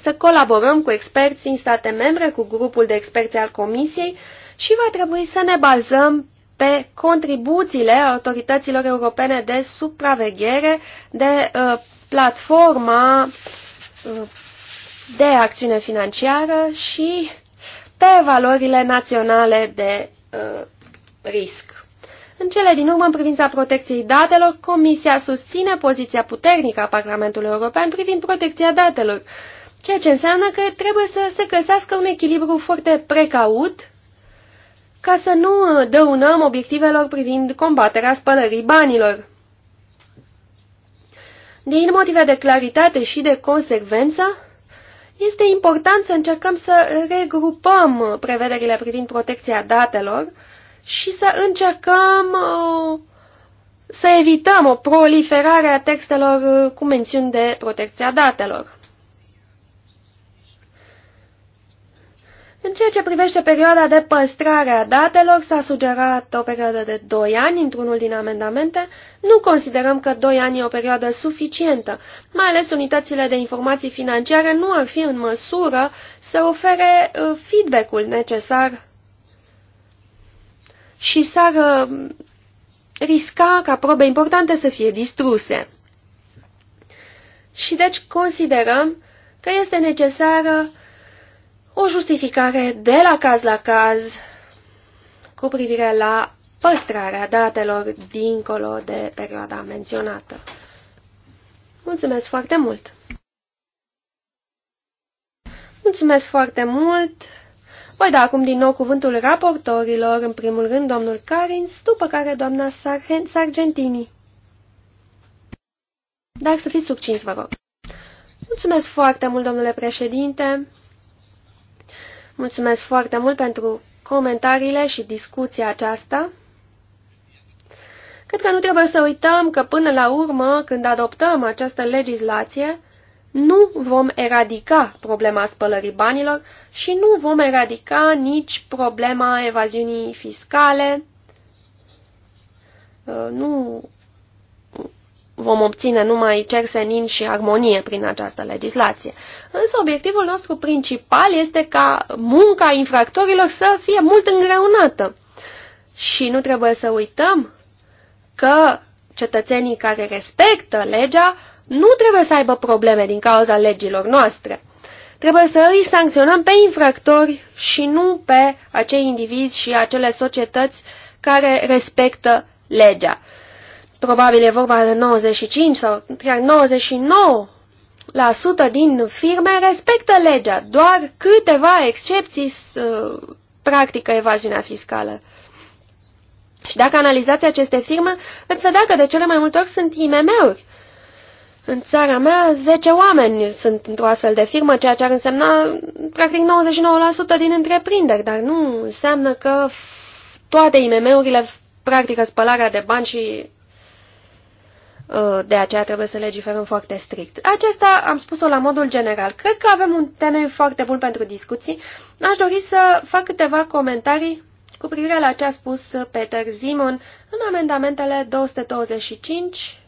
să colaborăm cu experți în state membre, cu grupul de experți al Comisiei și va trebui să ne bazăm pe contribuțiile autorităților europene de supraveghere de uh, platforma uh, de acțiune financiară și pe valorile naționale de uh, risc. În cele din urmă, în privința protecției datelor, Comisia susține poziția puternică a Parlamentului European privind protecția datelor, ceea ce înseamnă că trebuie să se găsească un echilibru foarte precaut ca să nu dăunăm obiectivelor privind combaterea spălării banilor. Din motive de claritate și de consecvență, este important să încercăm să regrupăm prevederile privind protecția datelor și să încercăm uh, să evităm o proliferare a textelor uh, cu mențiuni de protecția datelor. În ceea ce privește perioada de păstrare a datelor, s-a sugerat o perioadă de 2 ani într-unul din amendamente. Nu considerăm că 2 ani e o perioadă suficientă, mai ales unitățile de informații financiare nu ar fi în măsură să ofere uh, feedback-ul necesar și s-ar uh, risca ca probe importante să fie distruse. Și deci considerăm că este necesară o justificare de la caz la caz cu privire la păstrarea datelor dincolo de perioada menționată. Mulțumesc foarte mult! Mulțumesc foarte mult! Voi da acum din nou cuvântul raportorilor, în primul rând domnul Carins, după care doamna Sargent Sargentini. Dar să fiți succinți, vă rog. Mulțumesc foarte mult, domnule președinte! Mulțumesc foarte mult pentru comentariile și discuția aceasta. Cred că nu trebuie să uităm că până la urmă, când adoptăm această legislație, nu vom eradica problema spălării banilor și nu vom eradica nici problema evaziunii fiscale. Uh, nu vom obține numai cer senin și armonie prin această legislație. Însă obiectivul nostru principal este ca munca infractorilor să fie mult îngreunată. Și nu trebuie să uităm că cetățenii care respectă legea nu trebuie să aibă probleme din cauza legilor noastre. Trebuie să îi sancționăm pe infractori și nu pe acei indivizi și acele societăți care respectă legea. Probabil e vorba de 95 sau chiar 99 la sută din firme respectă legea, doar câteva excepții uh, practică evaziunea fiscală. Și dacă analizați aceste firme, veți vedea că de cele mai multe ori sunt IMM-uri. În țara mea, 10 oameni sunt într-o astfel de firmă, ceea ce ar însemna practic 99% din întreprinderi, dar nu înseamnă că toate IMM-urile practică spălarea de bani și Uh, de aceea trebuie să legiferăm foarte strict. Acesta am spus-o la modul general. Cred că avem un temei foarte bun pentru discuții. Aș dori să fac câteva comentarii cu privire la ce a spus Peter Simon în amendamentele 225,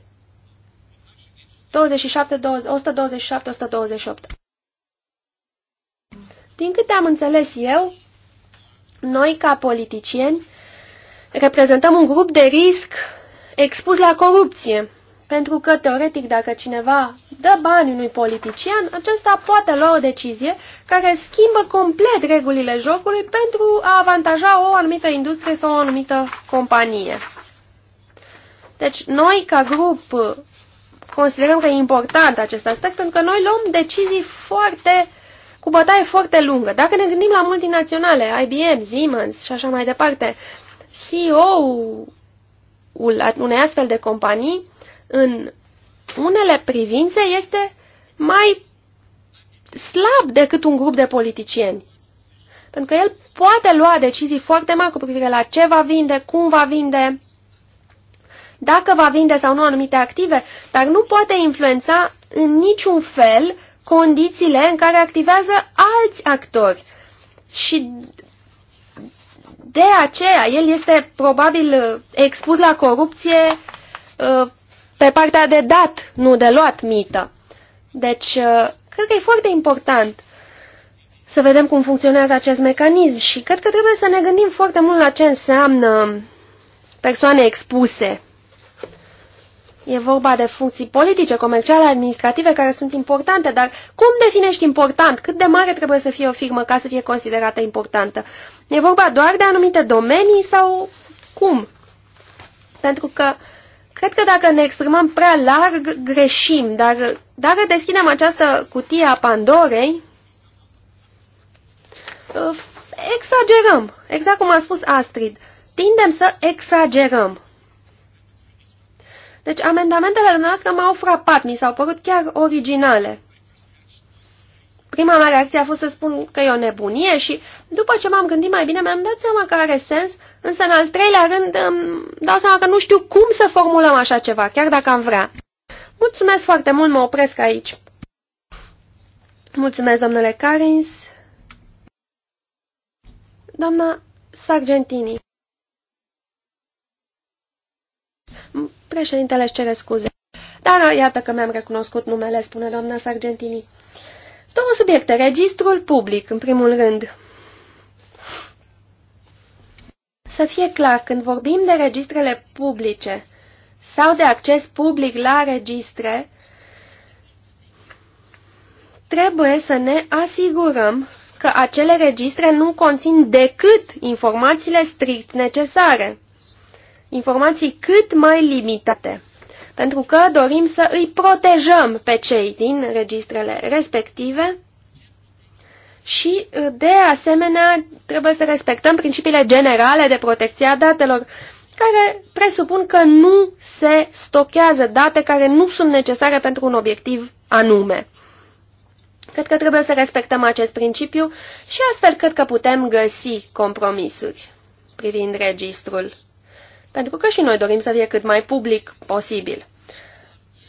27, 127, 128. Din câte am înțeles eu, noi ca politicieni reprezentăm un grup de risc expus la corupție. Pentru că, teoretic, dacă cineva dă bani unui politician, acesta poate lua o decizie care schimbă complet regulile jocului pentru a avantaja o anumită industrie sau o anumită companie. Deci, noi, ca grup, considerăm că e important acest aspect, pentru că noi luăm decizii foarte cu bătaie foarte lungă. Dacă ne gândim la multinaționale, IBM, Siemens și așa mai departe, CEO-ul unei astfel de companii în unele privințe este mai slab decât un grup de politicieni. Pentru că el poate lua decizii foarte mari cu privire la ce va vinde, cum va vinde, dacă va vinde sau nu anumite active, dar nu poate influența în niciun fel condițiile în care activează alți actori. Și de aceea el este probabil expus la corupție uh, pe partea de dat, nu de luat mită. Deci, uh, cred că e foarte important să vedem cum funcționează acest mecanism și cred că trebuie să ne gândim foarte mult la ce înseamnă persoane expuse. E vorba de funcții politice, comerciale, administrative care sunt importante, dar cum definești important? Cât de mare trebuie să fie o firmă ca să fie considerată importantă? E vorba doar de anumite domenii sau cum? Pentru că uh, Cred că dacă ne exprimăm prea larg, greșim, dar dacă deschidem această cutie a Pandorei, uh, exagerăm. Exact cum a spus Astrid, tindem să exagerăm. Deci amendamentele noastre m-au frapat, mi s-au părut chiar originale. Prima mea reacție a fost să spun că e o nebunie și după ce m-am gândit mai bine mi-am dat seama că are sens, însă în al treilea rând îmi dau seama că nu știu cum să formulăm așa ceva, chiar dacă am vrea. Mulțumesc foarte mult, mă opresc aici. Mulțumesc, domnule Carins. Doamna Sargentini. Președintele își cere scuze. Dar da, iată că mi-am recunoscut numele, spune doamna Sargentini. Două subiecte. Registrul public, în primul rând. Să fie clar, când vorbim de registrele publice sau de acces public la registre, trebuie să ne asigurăm că acele registre nu conțin decât informațiile strict necesare, informații cât mai limitate pentru că dorim să îi protejăm pe cei din registrele respective și, de asemenea, trebuie să respectăm principiile generale de protecție a datelor, care presupun că nu se stochează date care nu sunt necesare pentru un obiectiv anume. Cred că trebuie să respectăm acest principiu și astfel cred că putem găsi compromisuri privind registrul pentru că și noi dorim să fie cât mai public posibil.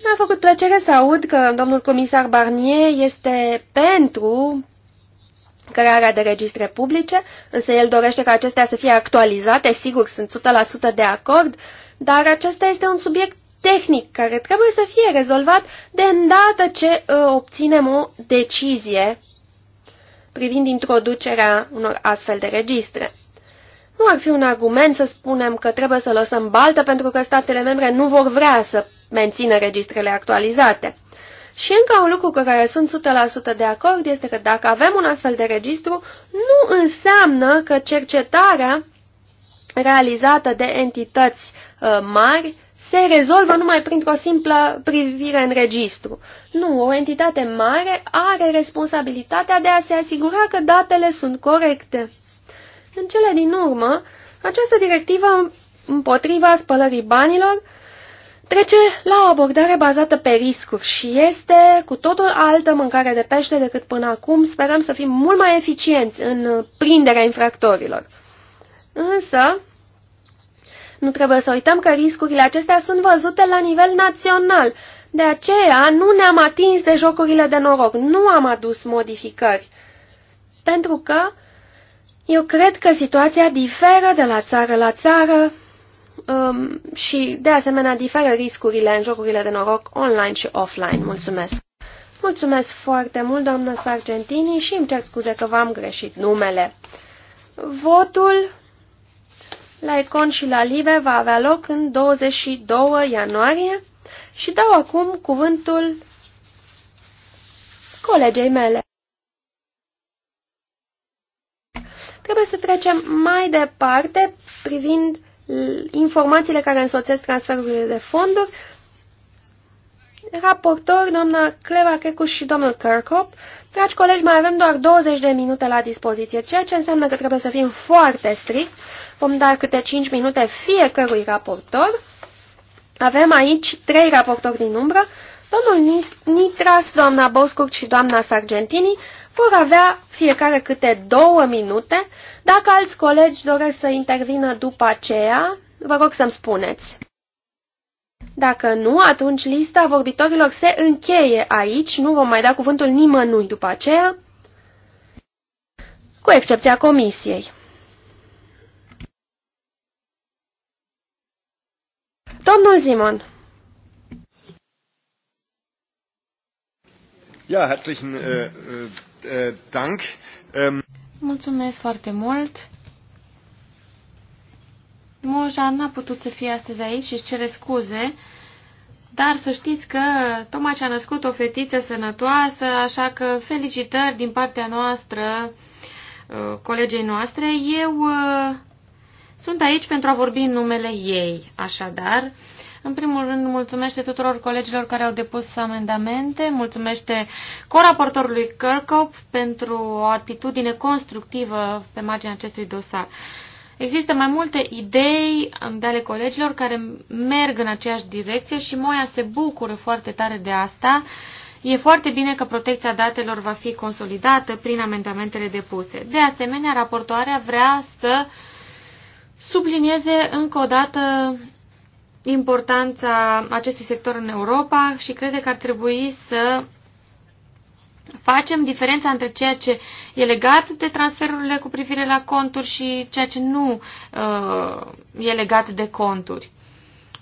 Mi-a făcut plăcere să aud că domnul comisar Barnier este pentru crearea de registre publice, însă el dorește ca acestea să fie actualizate, sigur, sunt 100% de acord, dar acesta este un subiect tehnic care trebuie să fie rezolvat de îndată ce uh, obținem o decizie privind introducerea unor astfel de registre. Nu ar fi un argument să spunem că trebuie să lăsăm baltă pentru că statele membre nu vor vrea să mențină registrele actualizate. Și încă un lucru cu care sunt 100% de acord este că dacă avem un astfel de registru, nu înseamnă că cercetarea realizată de entități uh, mari se rezolvă numai printr-o simplă privire în registru. Nu, o entitate mare are responsabilitatea de a se asigura că datele sunt corecte. În cele din urmă, această directivă împotriva spălării banilor trece la o abordare bazată pe riscuri și este cu totul altă mâncare de pește decât până acum. Sperăm să fim mult mai eficienți în prinderea infractorilor. Însă, nu trebuie să uităm că riscurile acestea sunt văzute la nivel național. De aceea, nu ne-am atins de jocurile de noroc, nu am adus modificări. Pentru că eu cred că situația diferă de la țară la țară um, și, de asemenea, diferă riscurile în jocurile de noroc online și offline. Mulțumesc! Mulțumesc foarte mult, doamnă Sargentini, și îmi cer scuze că v-am greșit numele. Votul la Econ și la Live va avea loc în 22 ianuarie și dau acum cuvântul colegei mele. Trebuie să trecem mai departe privind informațiile care însoțesc transferurile de fonduri. Raportor, doamna Cleva Crecuș și domnul Kirkhope. Dragi colegi, mai avem doar 20 de minute la dispoziție, ceea ce înseamnă că trebuie să fim foarte stricți. Vom da câte 5 minute fiecărui raportor. Avem aici trei raportori din umbră Domnul Nitras, doamna Boscuc și doamna Sargentini vor avea fiecare câte două minute. Dacă alți colegi doresc să intervină după aceea, vă rog să-mi spuneți. Dacă nu, atunci lista vorbitorilor se încheie aici, nu vom mai da cuvântul nimănui după aceea, cu excepția comisiei. Domnul Zimon. Ja, herzlichen äh, äh, äh, Dank. Ähm... Mulțumesc foarte mult. Moja n-a putut să fie astăzi aici și își cere scuze, dar să știți că tocmai ce a născut o fetiță sănătoasă, așa că felicitări din partea noastră, uh, colegei noastre. Eu uh, sunt aici pentru a vorbi în numele ei, așadar. În primul rând, mulțumește tuturor colegilor care au depus amendamente, mulțumește coraportorului Kirkhope pentru o atitudine constructivă pe marginea acestui dosar. Există mai multe idei de ale colegilor care merg în aceeași direcție și Moia se bucură foarte tare de asta. E foarte bine că protecția datelor va fi consolidată prin amendamentele depuse. De asemenea, raportoarea vrea să sublinieze încă o dată importanța acestui sector în Europa și crede că ar trebui să facem diferența între ceea ce e legat de transferurile cu privire la conturi și ceea ce nu uh, e legat de conturi.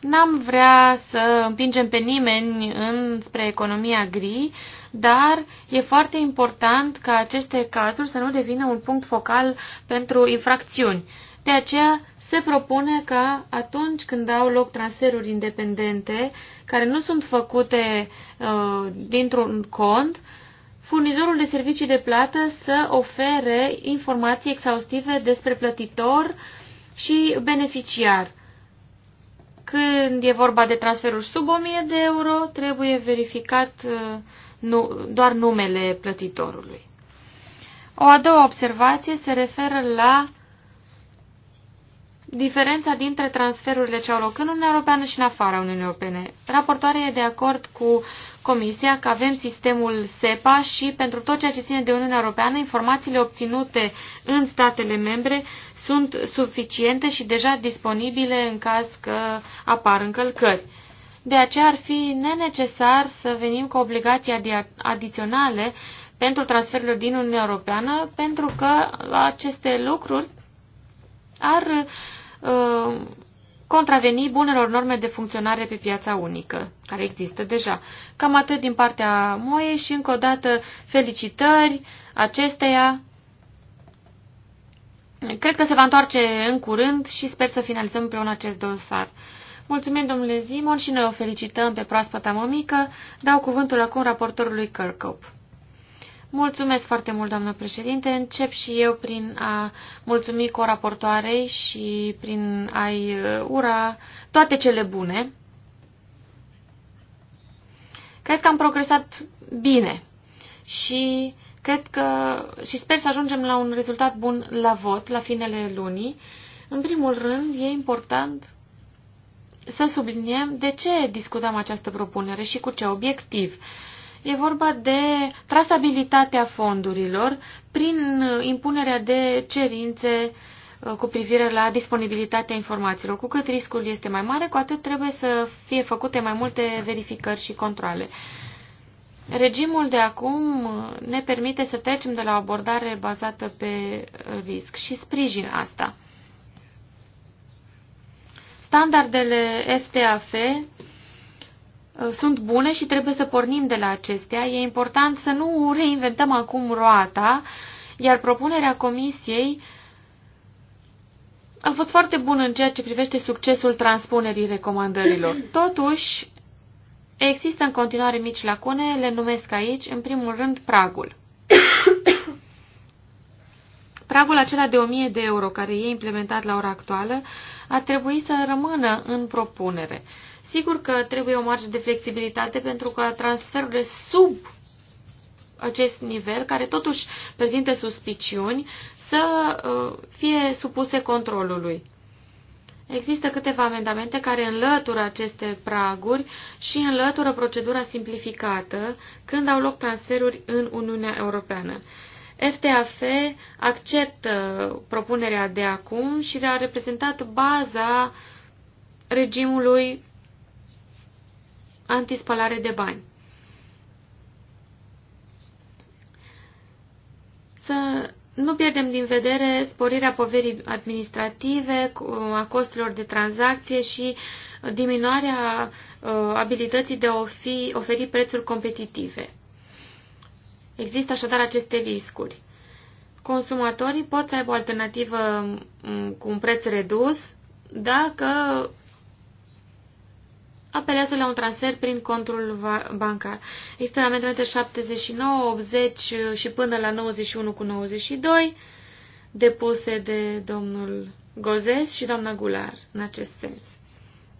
N-am vrea să împingem pe nimeni înspre economia gri, dar e foarte important ca aceste cazuri să nu devină un punct focal pentru infracțiuni. De aceea se propune ca atunci când au loc transferuri independente, care nu sunt făcute uh, dintr-un cont, furnizorul de servicii de plată să ofere informații exhaustive despre plătitor și beneficiar. Când e vorba de transferuri sub 1000 de euro, trebuie verificat uh, nu, doar numele plătitorului. O a doua observație se referă la diferența dintre transferurile ce au loc în Uniunea Europeană și în afara Uniunii Europene. Raportoarea e de acord cu Comisia că avem sistemul SEPA și pentru tot ceea ce ține de Uniunea Europeană, informațiile obținute în statele membre sunt suficiente și deja disponibile în caz că apar încălcări. De aceea ar fi nenecesar să venim cu obligații adi adiționale pentru transferurile din Uniunea Europeană, pentru că aceste lucruri ar Uh, contraveni bunelor norme de funcționare pe piața unică, care există deja. Cam atât din partea Moiei și încă o dată felicitări acesteia. Cred că se va întoarce în curând și sper să finalizăm împreună acest dosar. Mulțumim, domnule Zimon, și noi o felicităm pe proaspăta mămică. Dau cuvântul acum raportorului Kirkhope. Mulțumesc foarte mult, doamnă președinte. Încep și eu prin a mulțumi coraportoarei și prin a-i uh, ura toate cele bune. Cred că am progresat bine și cred că și sper să ajungem la un rezultat bun la vot, la finele lunii. În primul rând, e important să subliniem de ce discutăm această propunere și cu ce obiectiv. Uh, E vorba de trasabilitatea fondurilor prin uh, impunerea de cerințe uh, cu privire la disponibilitatea informațiilor. Cu cât riscul este mai mare, cu atât trebuie să fie făcute mai multe verificări și controle. Regimul de acum uh, ne permite să trecem de la o abordare bazată pe risc și sprijin asta. Standardele FTAF Uh, sunt bune și trebuie să pornim de la acestea. E important să nu reinventăm acum roata, iar propunerea comisiei a fost foarte bună în ceea ce privește succesul transpunerii recomandărilor. Totuși, există în continuare mici lacune, le numesc aici, în primul rând, pragul. Pragul acela de 1000 de euro care e implementat la ora actuală ar trebui să rămână în propunere. Sigur că trebuie o marge de flexibilitate pentru că transferurile sub acest nivel, care totuși prezintă suspiciuni, să uh, fie supuse controlului. Există câteva amendamente care înlătură aceste praguri și înlătură procedura simplificată când au loc transferuri în Uniunea Europeană. FTAF acceptă propunerea de acum și a reprezentat baza regimului antispălare de bani. Să nu pierdem din vedere sporirea poverii administrative, a costurilor de tranzacție și uh, diminuarea uh, abilității de a oferi prețuri competitive. Există așadar aceste riscuri. Consumatorii pot să aibă o alternativă mm, cu un preț redus dacă apelează la un transfer prin contul bancar. Există amendamente 79, 80 și până la 91 cu 92 depuse de domnul Gozes și doamna Gular în acest sens.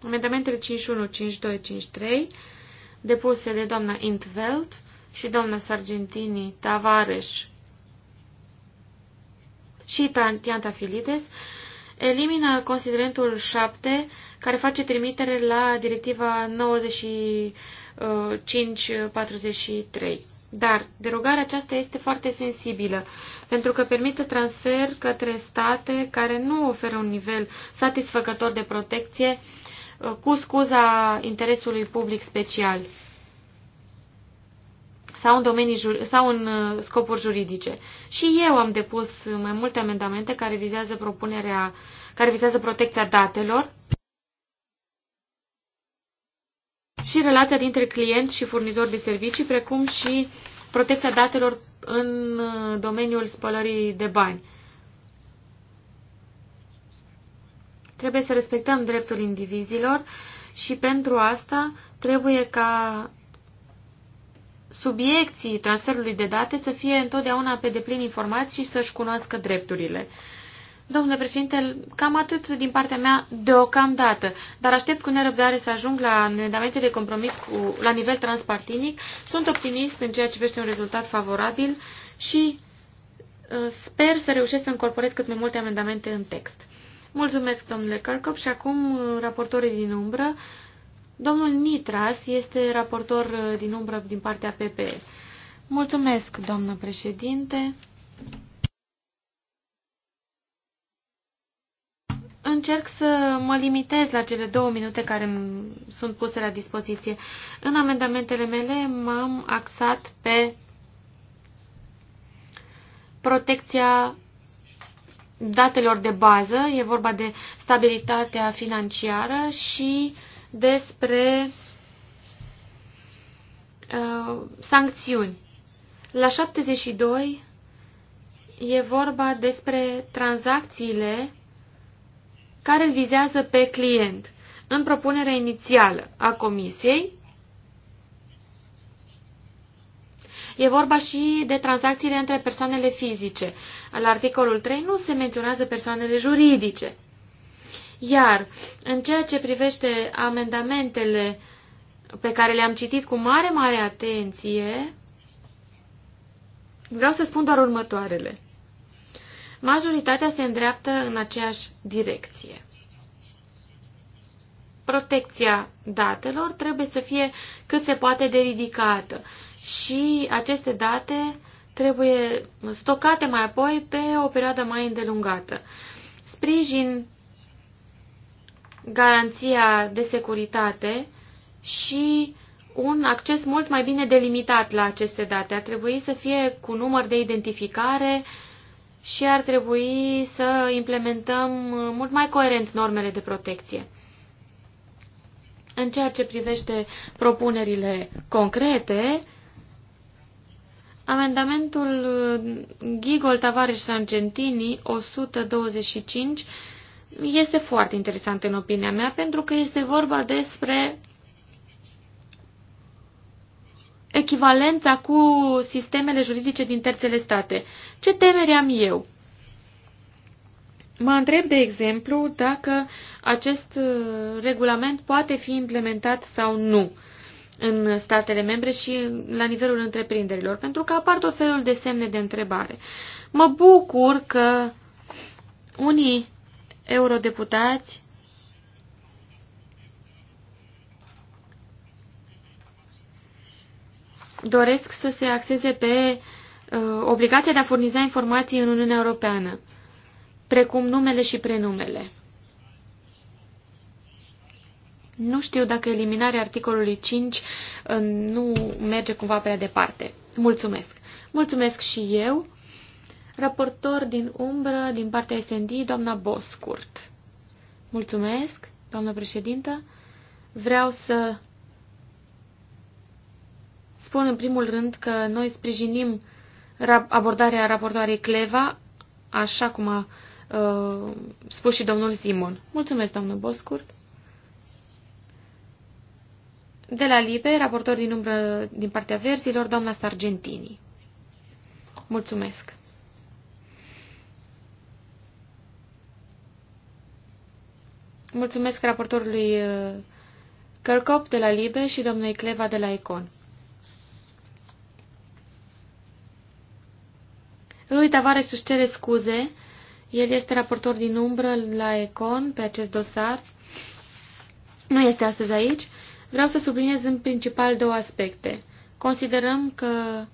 Amendamentele 51, 52, 53 depuse de doamna Intveld și doamna Sargentini Tavares și Tianta Filides elimină considerentul 7 care face trimitere la directiva 9543. Dar derogarea aceasta este foarte sensibilă, pentru că permite transfer către state care nu oferă un nivel satisfăcător de protecție uh, cu scuza interesului public special sau în, domenii, sau în uh, scopuri juridice. Și eu am depus mai multe amendamente care vizează propunerea, care vizează protecția datelor și relația dintre client și furnizor de servicii, precum și protecția datelor în domeniul spălării de bani. Trebuie să respectăm dreptul indivizilor și pentru asta trebuie ca subiecții transferului de date să fie întotdeauna pe deplin informați și să-și cunoască drepturile. Domnule președinte, cam atât din partea mea deocamdată, dar aștept cu nerăbdare să ajung la amendamente de compromis cu, la nivel transpartinic. Sunt optimist în ceea ce privește un rezultat favorabil și uh, sper să reușesc să încorporez cât mai multe amendamente în text. Mulțumesc, domnule Kirkhope, și acum uh, raportorii din umbră. Domnul Nitras este raportor uh, din umbră din partea PPE. Mulțumesc, doamnă președinte. încerc să mă limitez la cele două minute care sunt puse la dispoziție. În amendamentele mele m-am axat pe protecția datelor de bază, e vorba de stabilitatea financiară și despre uh, sancțiuni. La 72 e vorba despre tranzacțiile care vizează pe client în propunerea inițială a comisiei. E vorba și de tranzacțiile între persoanele fizice. La articolul 3 nu se menționează persoanele juridice. Iar în ceea ce privește amendamentele pe care le-am citit cu mare, mare atenție, vreau să spun doar următoarele majoritatea se îndreaptă în aceeași direcție. Protecția datelor trebuie să fie cât se poate de ridicată și aceste date trebuie stocate mai apoi pe o perioadă mai îndelungată. Sprijin garanția de securitate și un acces mult mai bine delimitat la aceste date. Ar trebui să fie cu număr de identificare, și ar trebui să implementăm mult mai coerent normele de protecție. În ceea ce privește propunerile concrete, amendamentul Gigol Tavares Sangentini 125 este foarte interesant în opinia mea pentru că este vorba despre echivalența cu sistemele juridice din terțele state. Ce temere am eu? Mă întreb, de exemplu, dacă acest uh, regulament poate fi implementat sau nu în statele membre și la nivelul întreprinderilor, pentru că apar tot felul de semne de întrebare. Mă bucur că unii eurodeputați doresc să se axeze pe uh, obligația de a furniza informații în Uniunea Europeană, precum numele și prenumele. Nu știu dacă eliminarea articolului 5 uh, nu merge cumva prea departe. Mulțumesc. Mulțumesc și eu. Raportor din umbră, din partea SND, doamna Boscurt. Mulțumesc, doamnă președintă. Vreau să spun în primul rând că noi sprijinim abordarea raportoarei Cleva, așa cum a uh, spus și domnul Simon. Mulțumesc, domnul Boscur. De la Libe, raportor din umbră din partea verzilor, doamna Sargentini. Mulțumesc. Mulțumesc raportorului ă, Kirkop de la Libe și domnului Cleva de la Econ. Lui Tavares își cere scuze. El este raportor din umbră la Econ pe acest dosar. Nu este astăzi aici. Vreau să subliniez în principal două aspecte. Considerăm că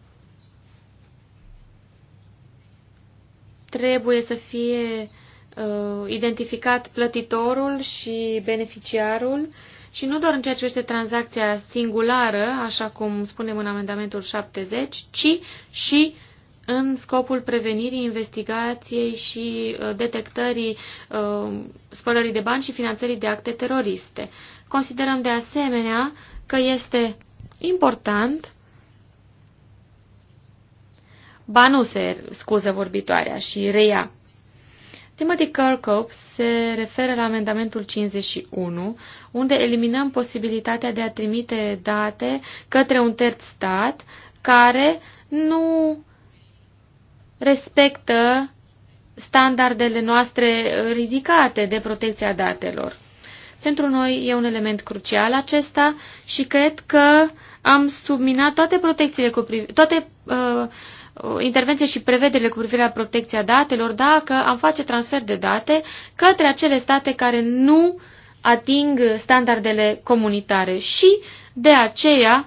trebuie să fie uh, identificat plătitorul și beneficiarul și nu doar în ceea ce este tranzacția singulară, așa cum spunem în amendamentul 70, ci și în scopul prevenirii, investigației și uh, detectării uh, spălării de bani și finanțării de acte teroriste. Considerăm de asemenea că este important banuser scuză vorbitoarea și reia. Timothy Kirkhope se referă la amendamentul 51, unde eliminăm posibilitatea de a trimite date către un terț stat care nu respectă standardele noastre ridicate de protecția datelor. Pentru noi e un element crucial acesta și cred că am subminat toate protecțiile cu privire, toate uh, intervenții și prevederile cu privire la protecția datelor dacă am face transfer de date către acele state care nu ating standardele comunitare. Și de aceea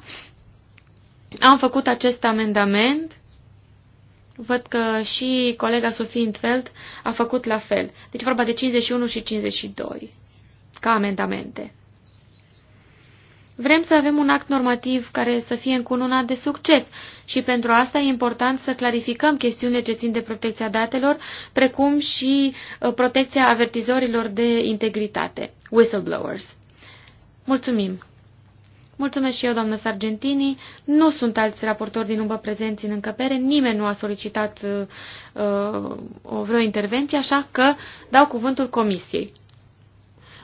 am făcut acest amendament Văd că și colega Sofie Intfeld a făcut la fel. Deci vorba de 51 și 52 ca amendamente. Vrem să avem un act normativ care să fie încununat de succes și pentru asta e important să clarificăm chestiunile ce țin de protecția datelor, precum și uh, protecția avertizorilor de integritate, whistleblowers. Mulțumim! Mulțumesc și eu, doamnă Sargentini. Nu sunt alți raportori din umbă prezenți în încăpere. Nimeni nu a solicitat uh, uh o vreo intervenție, așa că dau cuvântul comisiei.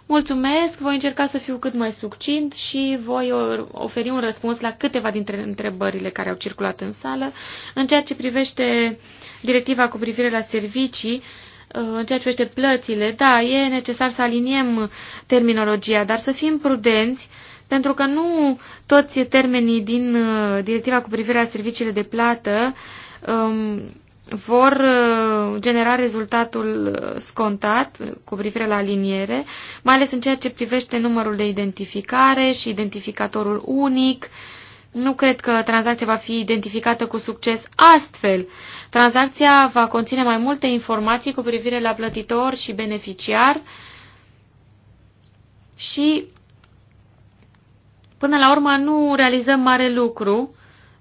Mulțumesc, voi încerca să fiu cât mai succint și voi uh, oferi un răspuns la câteva dintre întrebările care au circulat în sală. În ceea ce privește directiva cu privire la servicii, uh, în ceea ce privește plățile, da, e necesar să aliniem terminologia, dar să fim prudenți uh, pentru că nu toți termenii din uh, directiva cu privire la serviciile de plată um, vor uh, genera rezultatul uh, scontat cu privire la aliniere, mai ales în ceea ce privește numărul de identificare și identificatorul unic. Nu cred că tranzacția va fi identificată cu succes astfel. Tranzacția va conține mai multe informații cu privire la plătitor și beneficiar și Până la urmă nu realizăm mare lucru,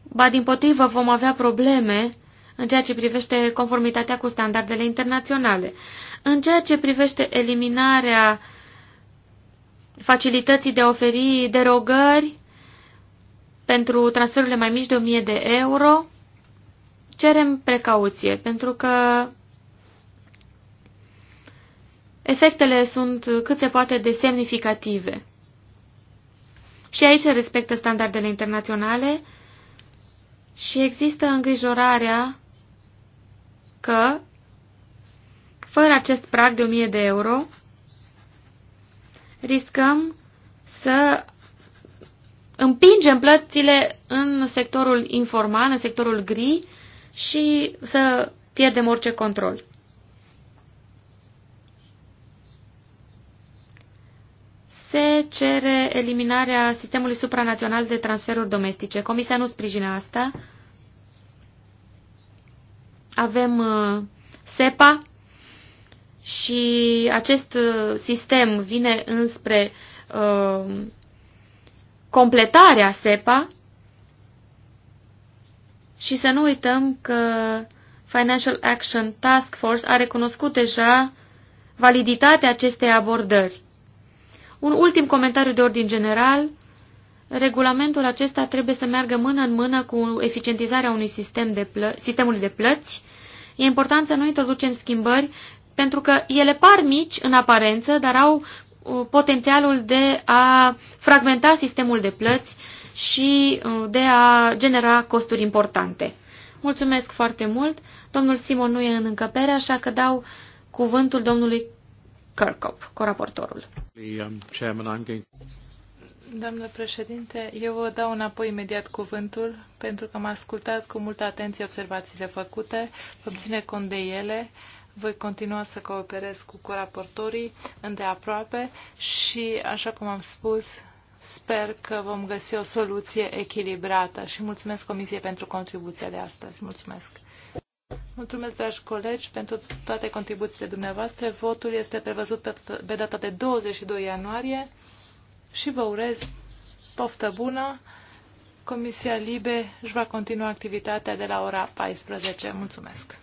ba din potrivă vom avea probleme în ceea ce privește conformitatea cu standardele internaționale. În ceea ce privește eliminarea facilității de a oferi derogări pentru transferurile mai mici de 1000 de euro, cerem precauție, pentru că efectele sunt cât se poate de semnificative. Și aici se respectă standardele internaționale și există îngrijorarea că, fără acest prag de 1000 de euro, riscăm să împingem plățile în sectorul informal, în sectorul gri și să pierdem orice control. se cere eliminarea sistemului supranațional de transferuri domestice. Comisia nu sprijină asta. Avem uh, SEPA și acest uh, sistem vine înspre uh, completarea SEPA și să nu uităm că Financial Action Task Force a recunoscut deja validitatea acestei abordări un ultim comentariu de ordin general. Regulamentul acesta trebuie să meargă mână în mână cu eficientizarea unui sistem de plă sistemului de plăți. E important să nu introducem schimbări pentru că ele par mici în aparență, dar au uh, potențialul de a fragmenta sistemul de plăți și uh, de a genera costuri importante. Mulțumesc foarte mult. Domnul Simon nu e în încăpere, așa că dau cuvântul domnului Kirkhope, coraportorul. Um, Doamnă președinte, eu vă dau înapoi imediat cuvântul, pentru că am ascultat cu multă atenție observațiile făcute, vă ține cont de ele, voi continua să cooperez cu coraportorii îndeaproape și, așa cum am spus, sper că vom găsi o soluție echilibrată și mulțumesc Comisiei pentru contribuția de astăzi. Mulțumesc! Mulțumesc, dragi colegi, pentru toate contribuțiile dumneavoastră. Votul este prevăzut pe, data de 22 ianuarie și vă urez poftă bună. Comisia Libe își va continua activitatea de la ora 14. Mulțumesc!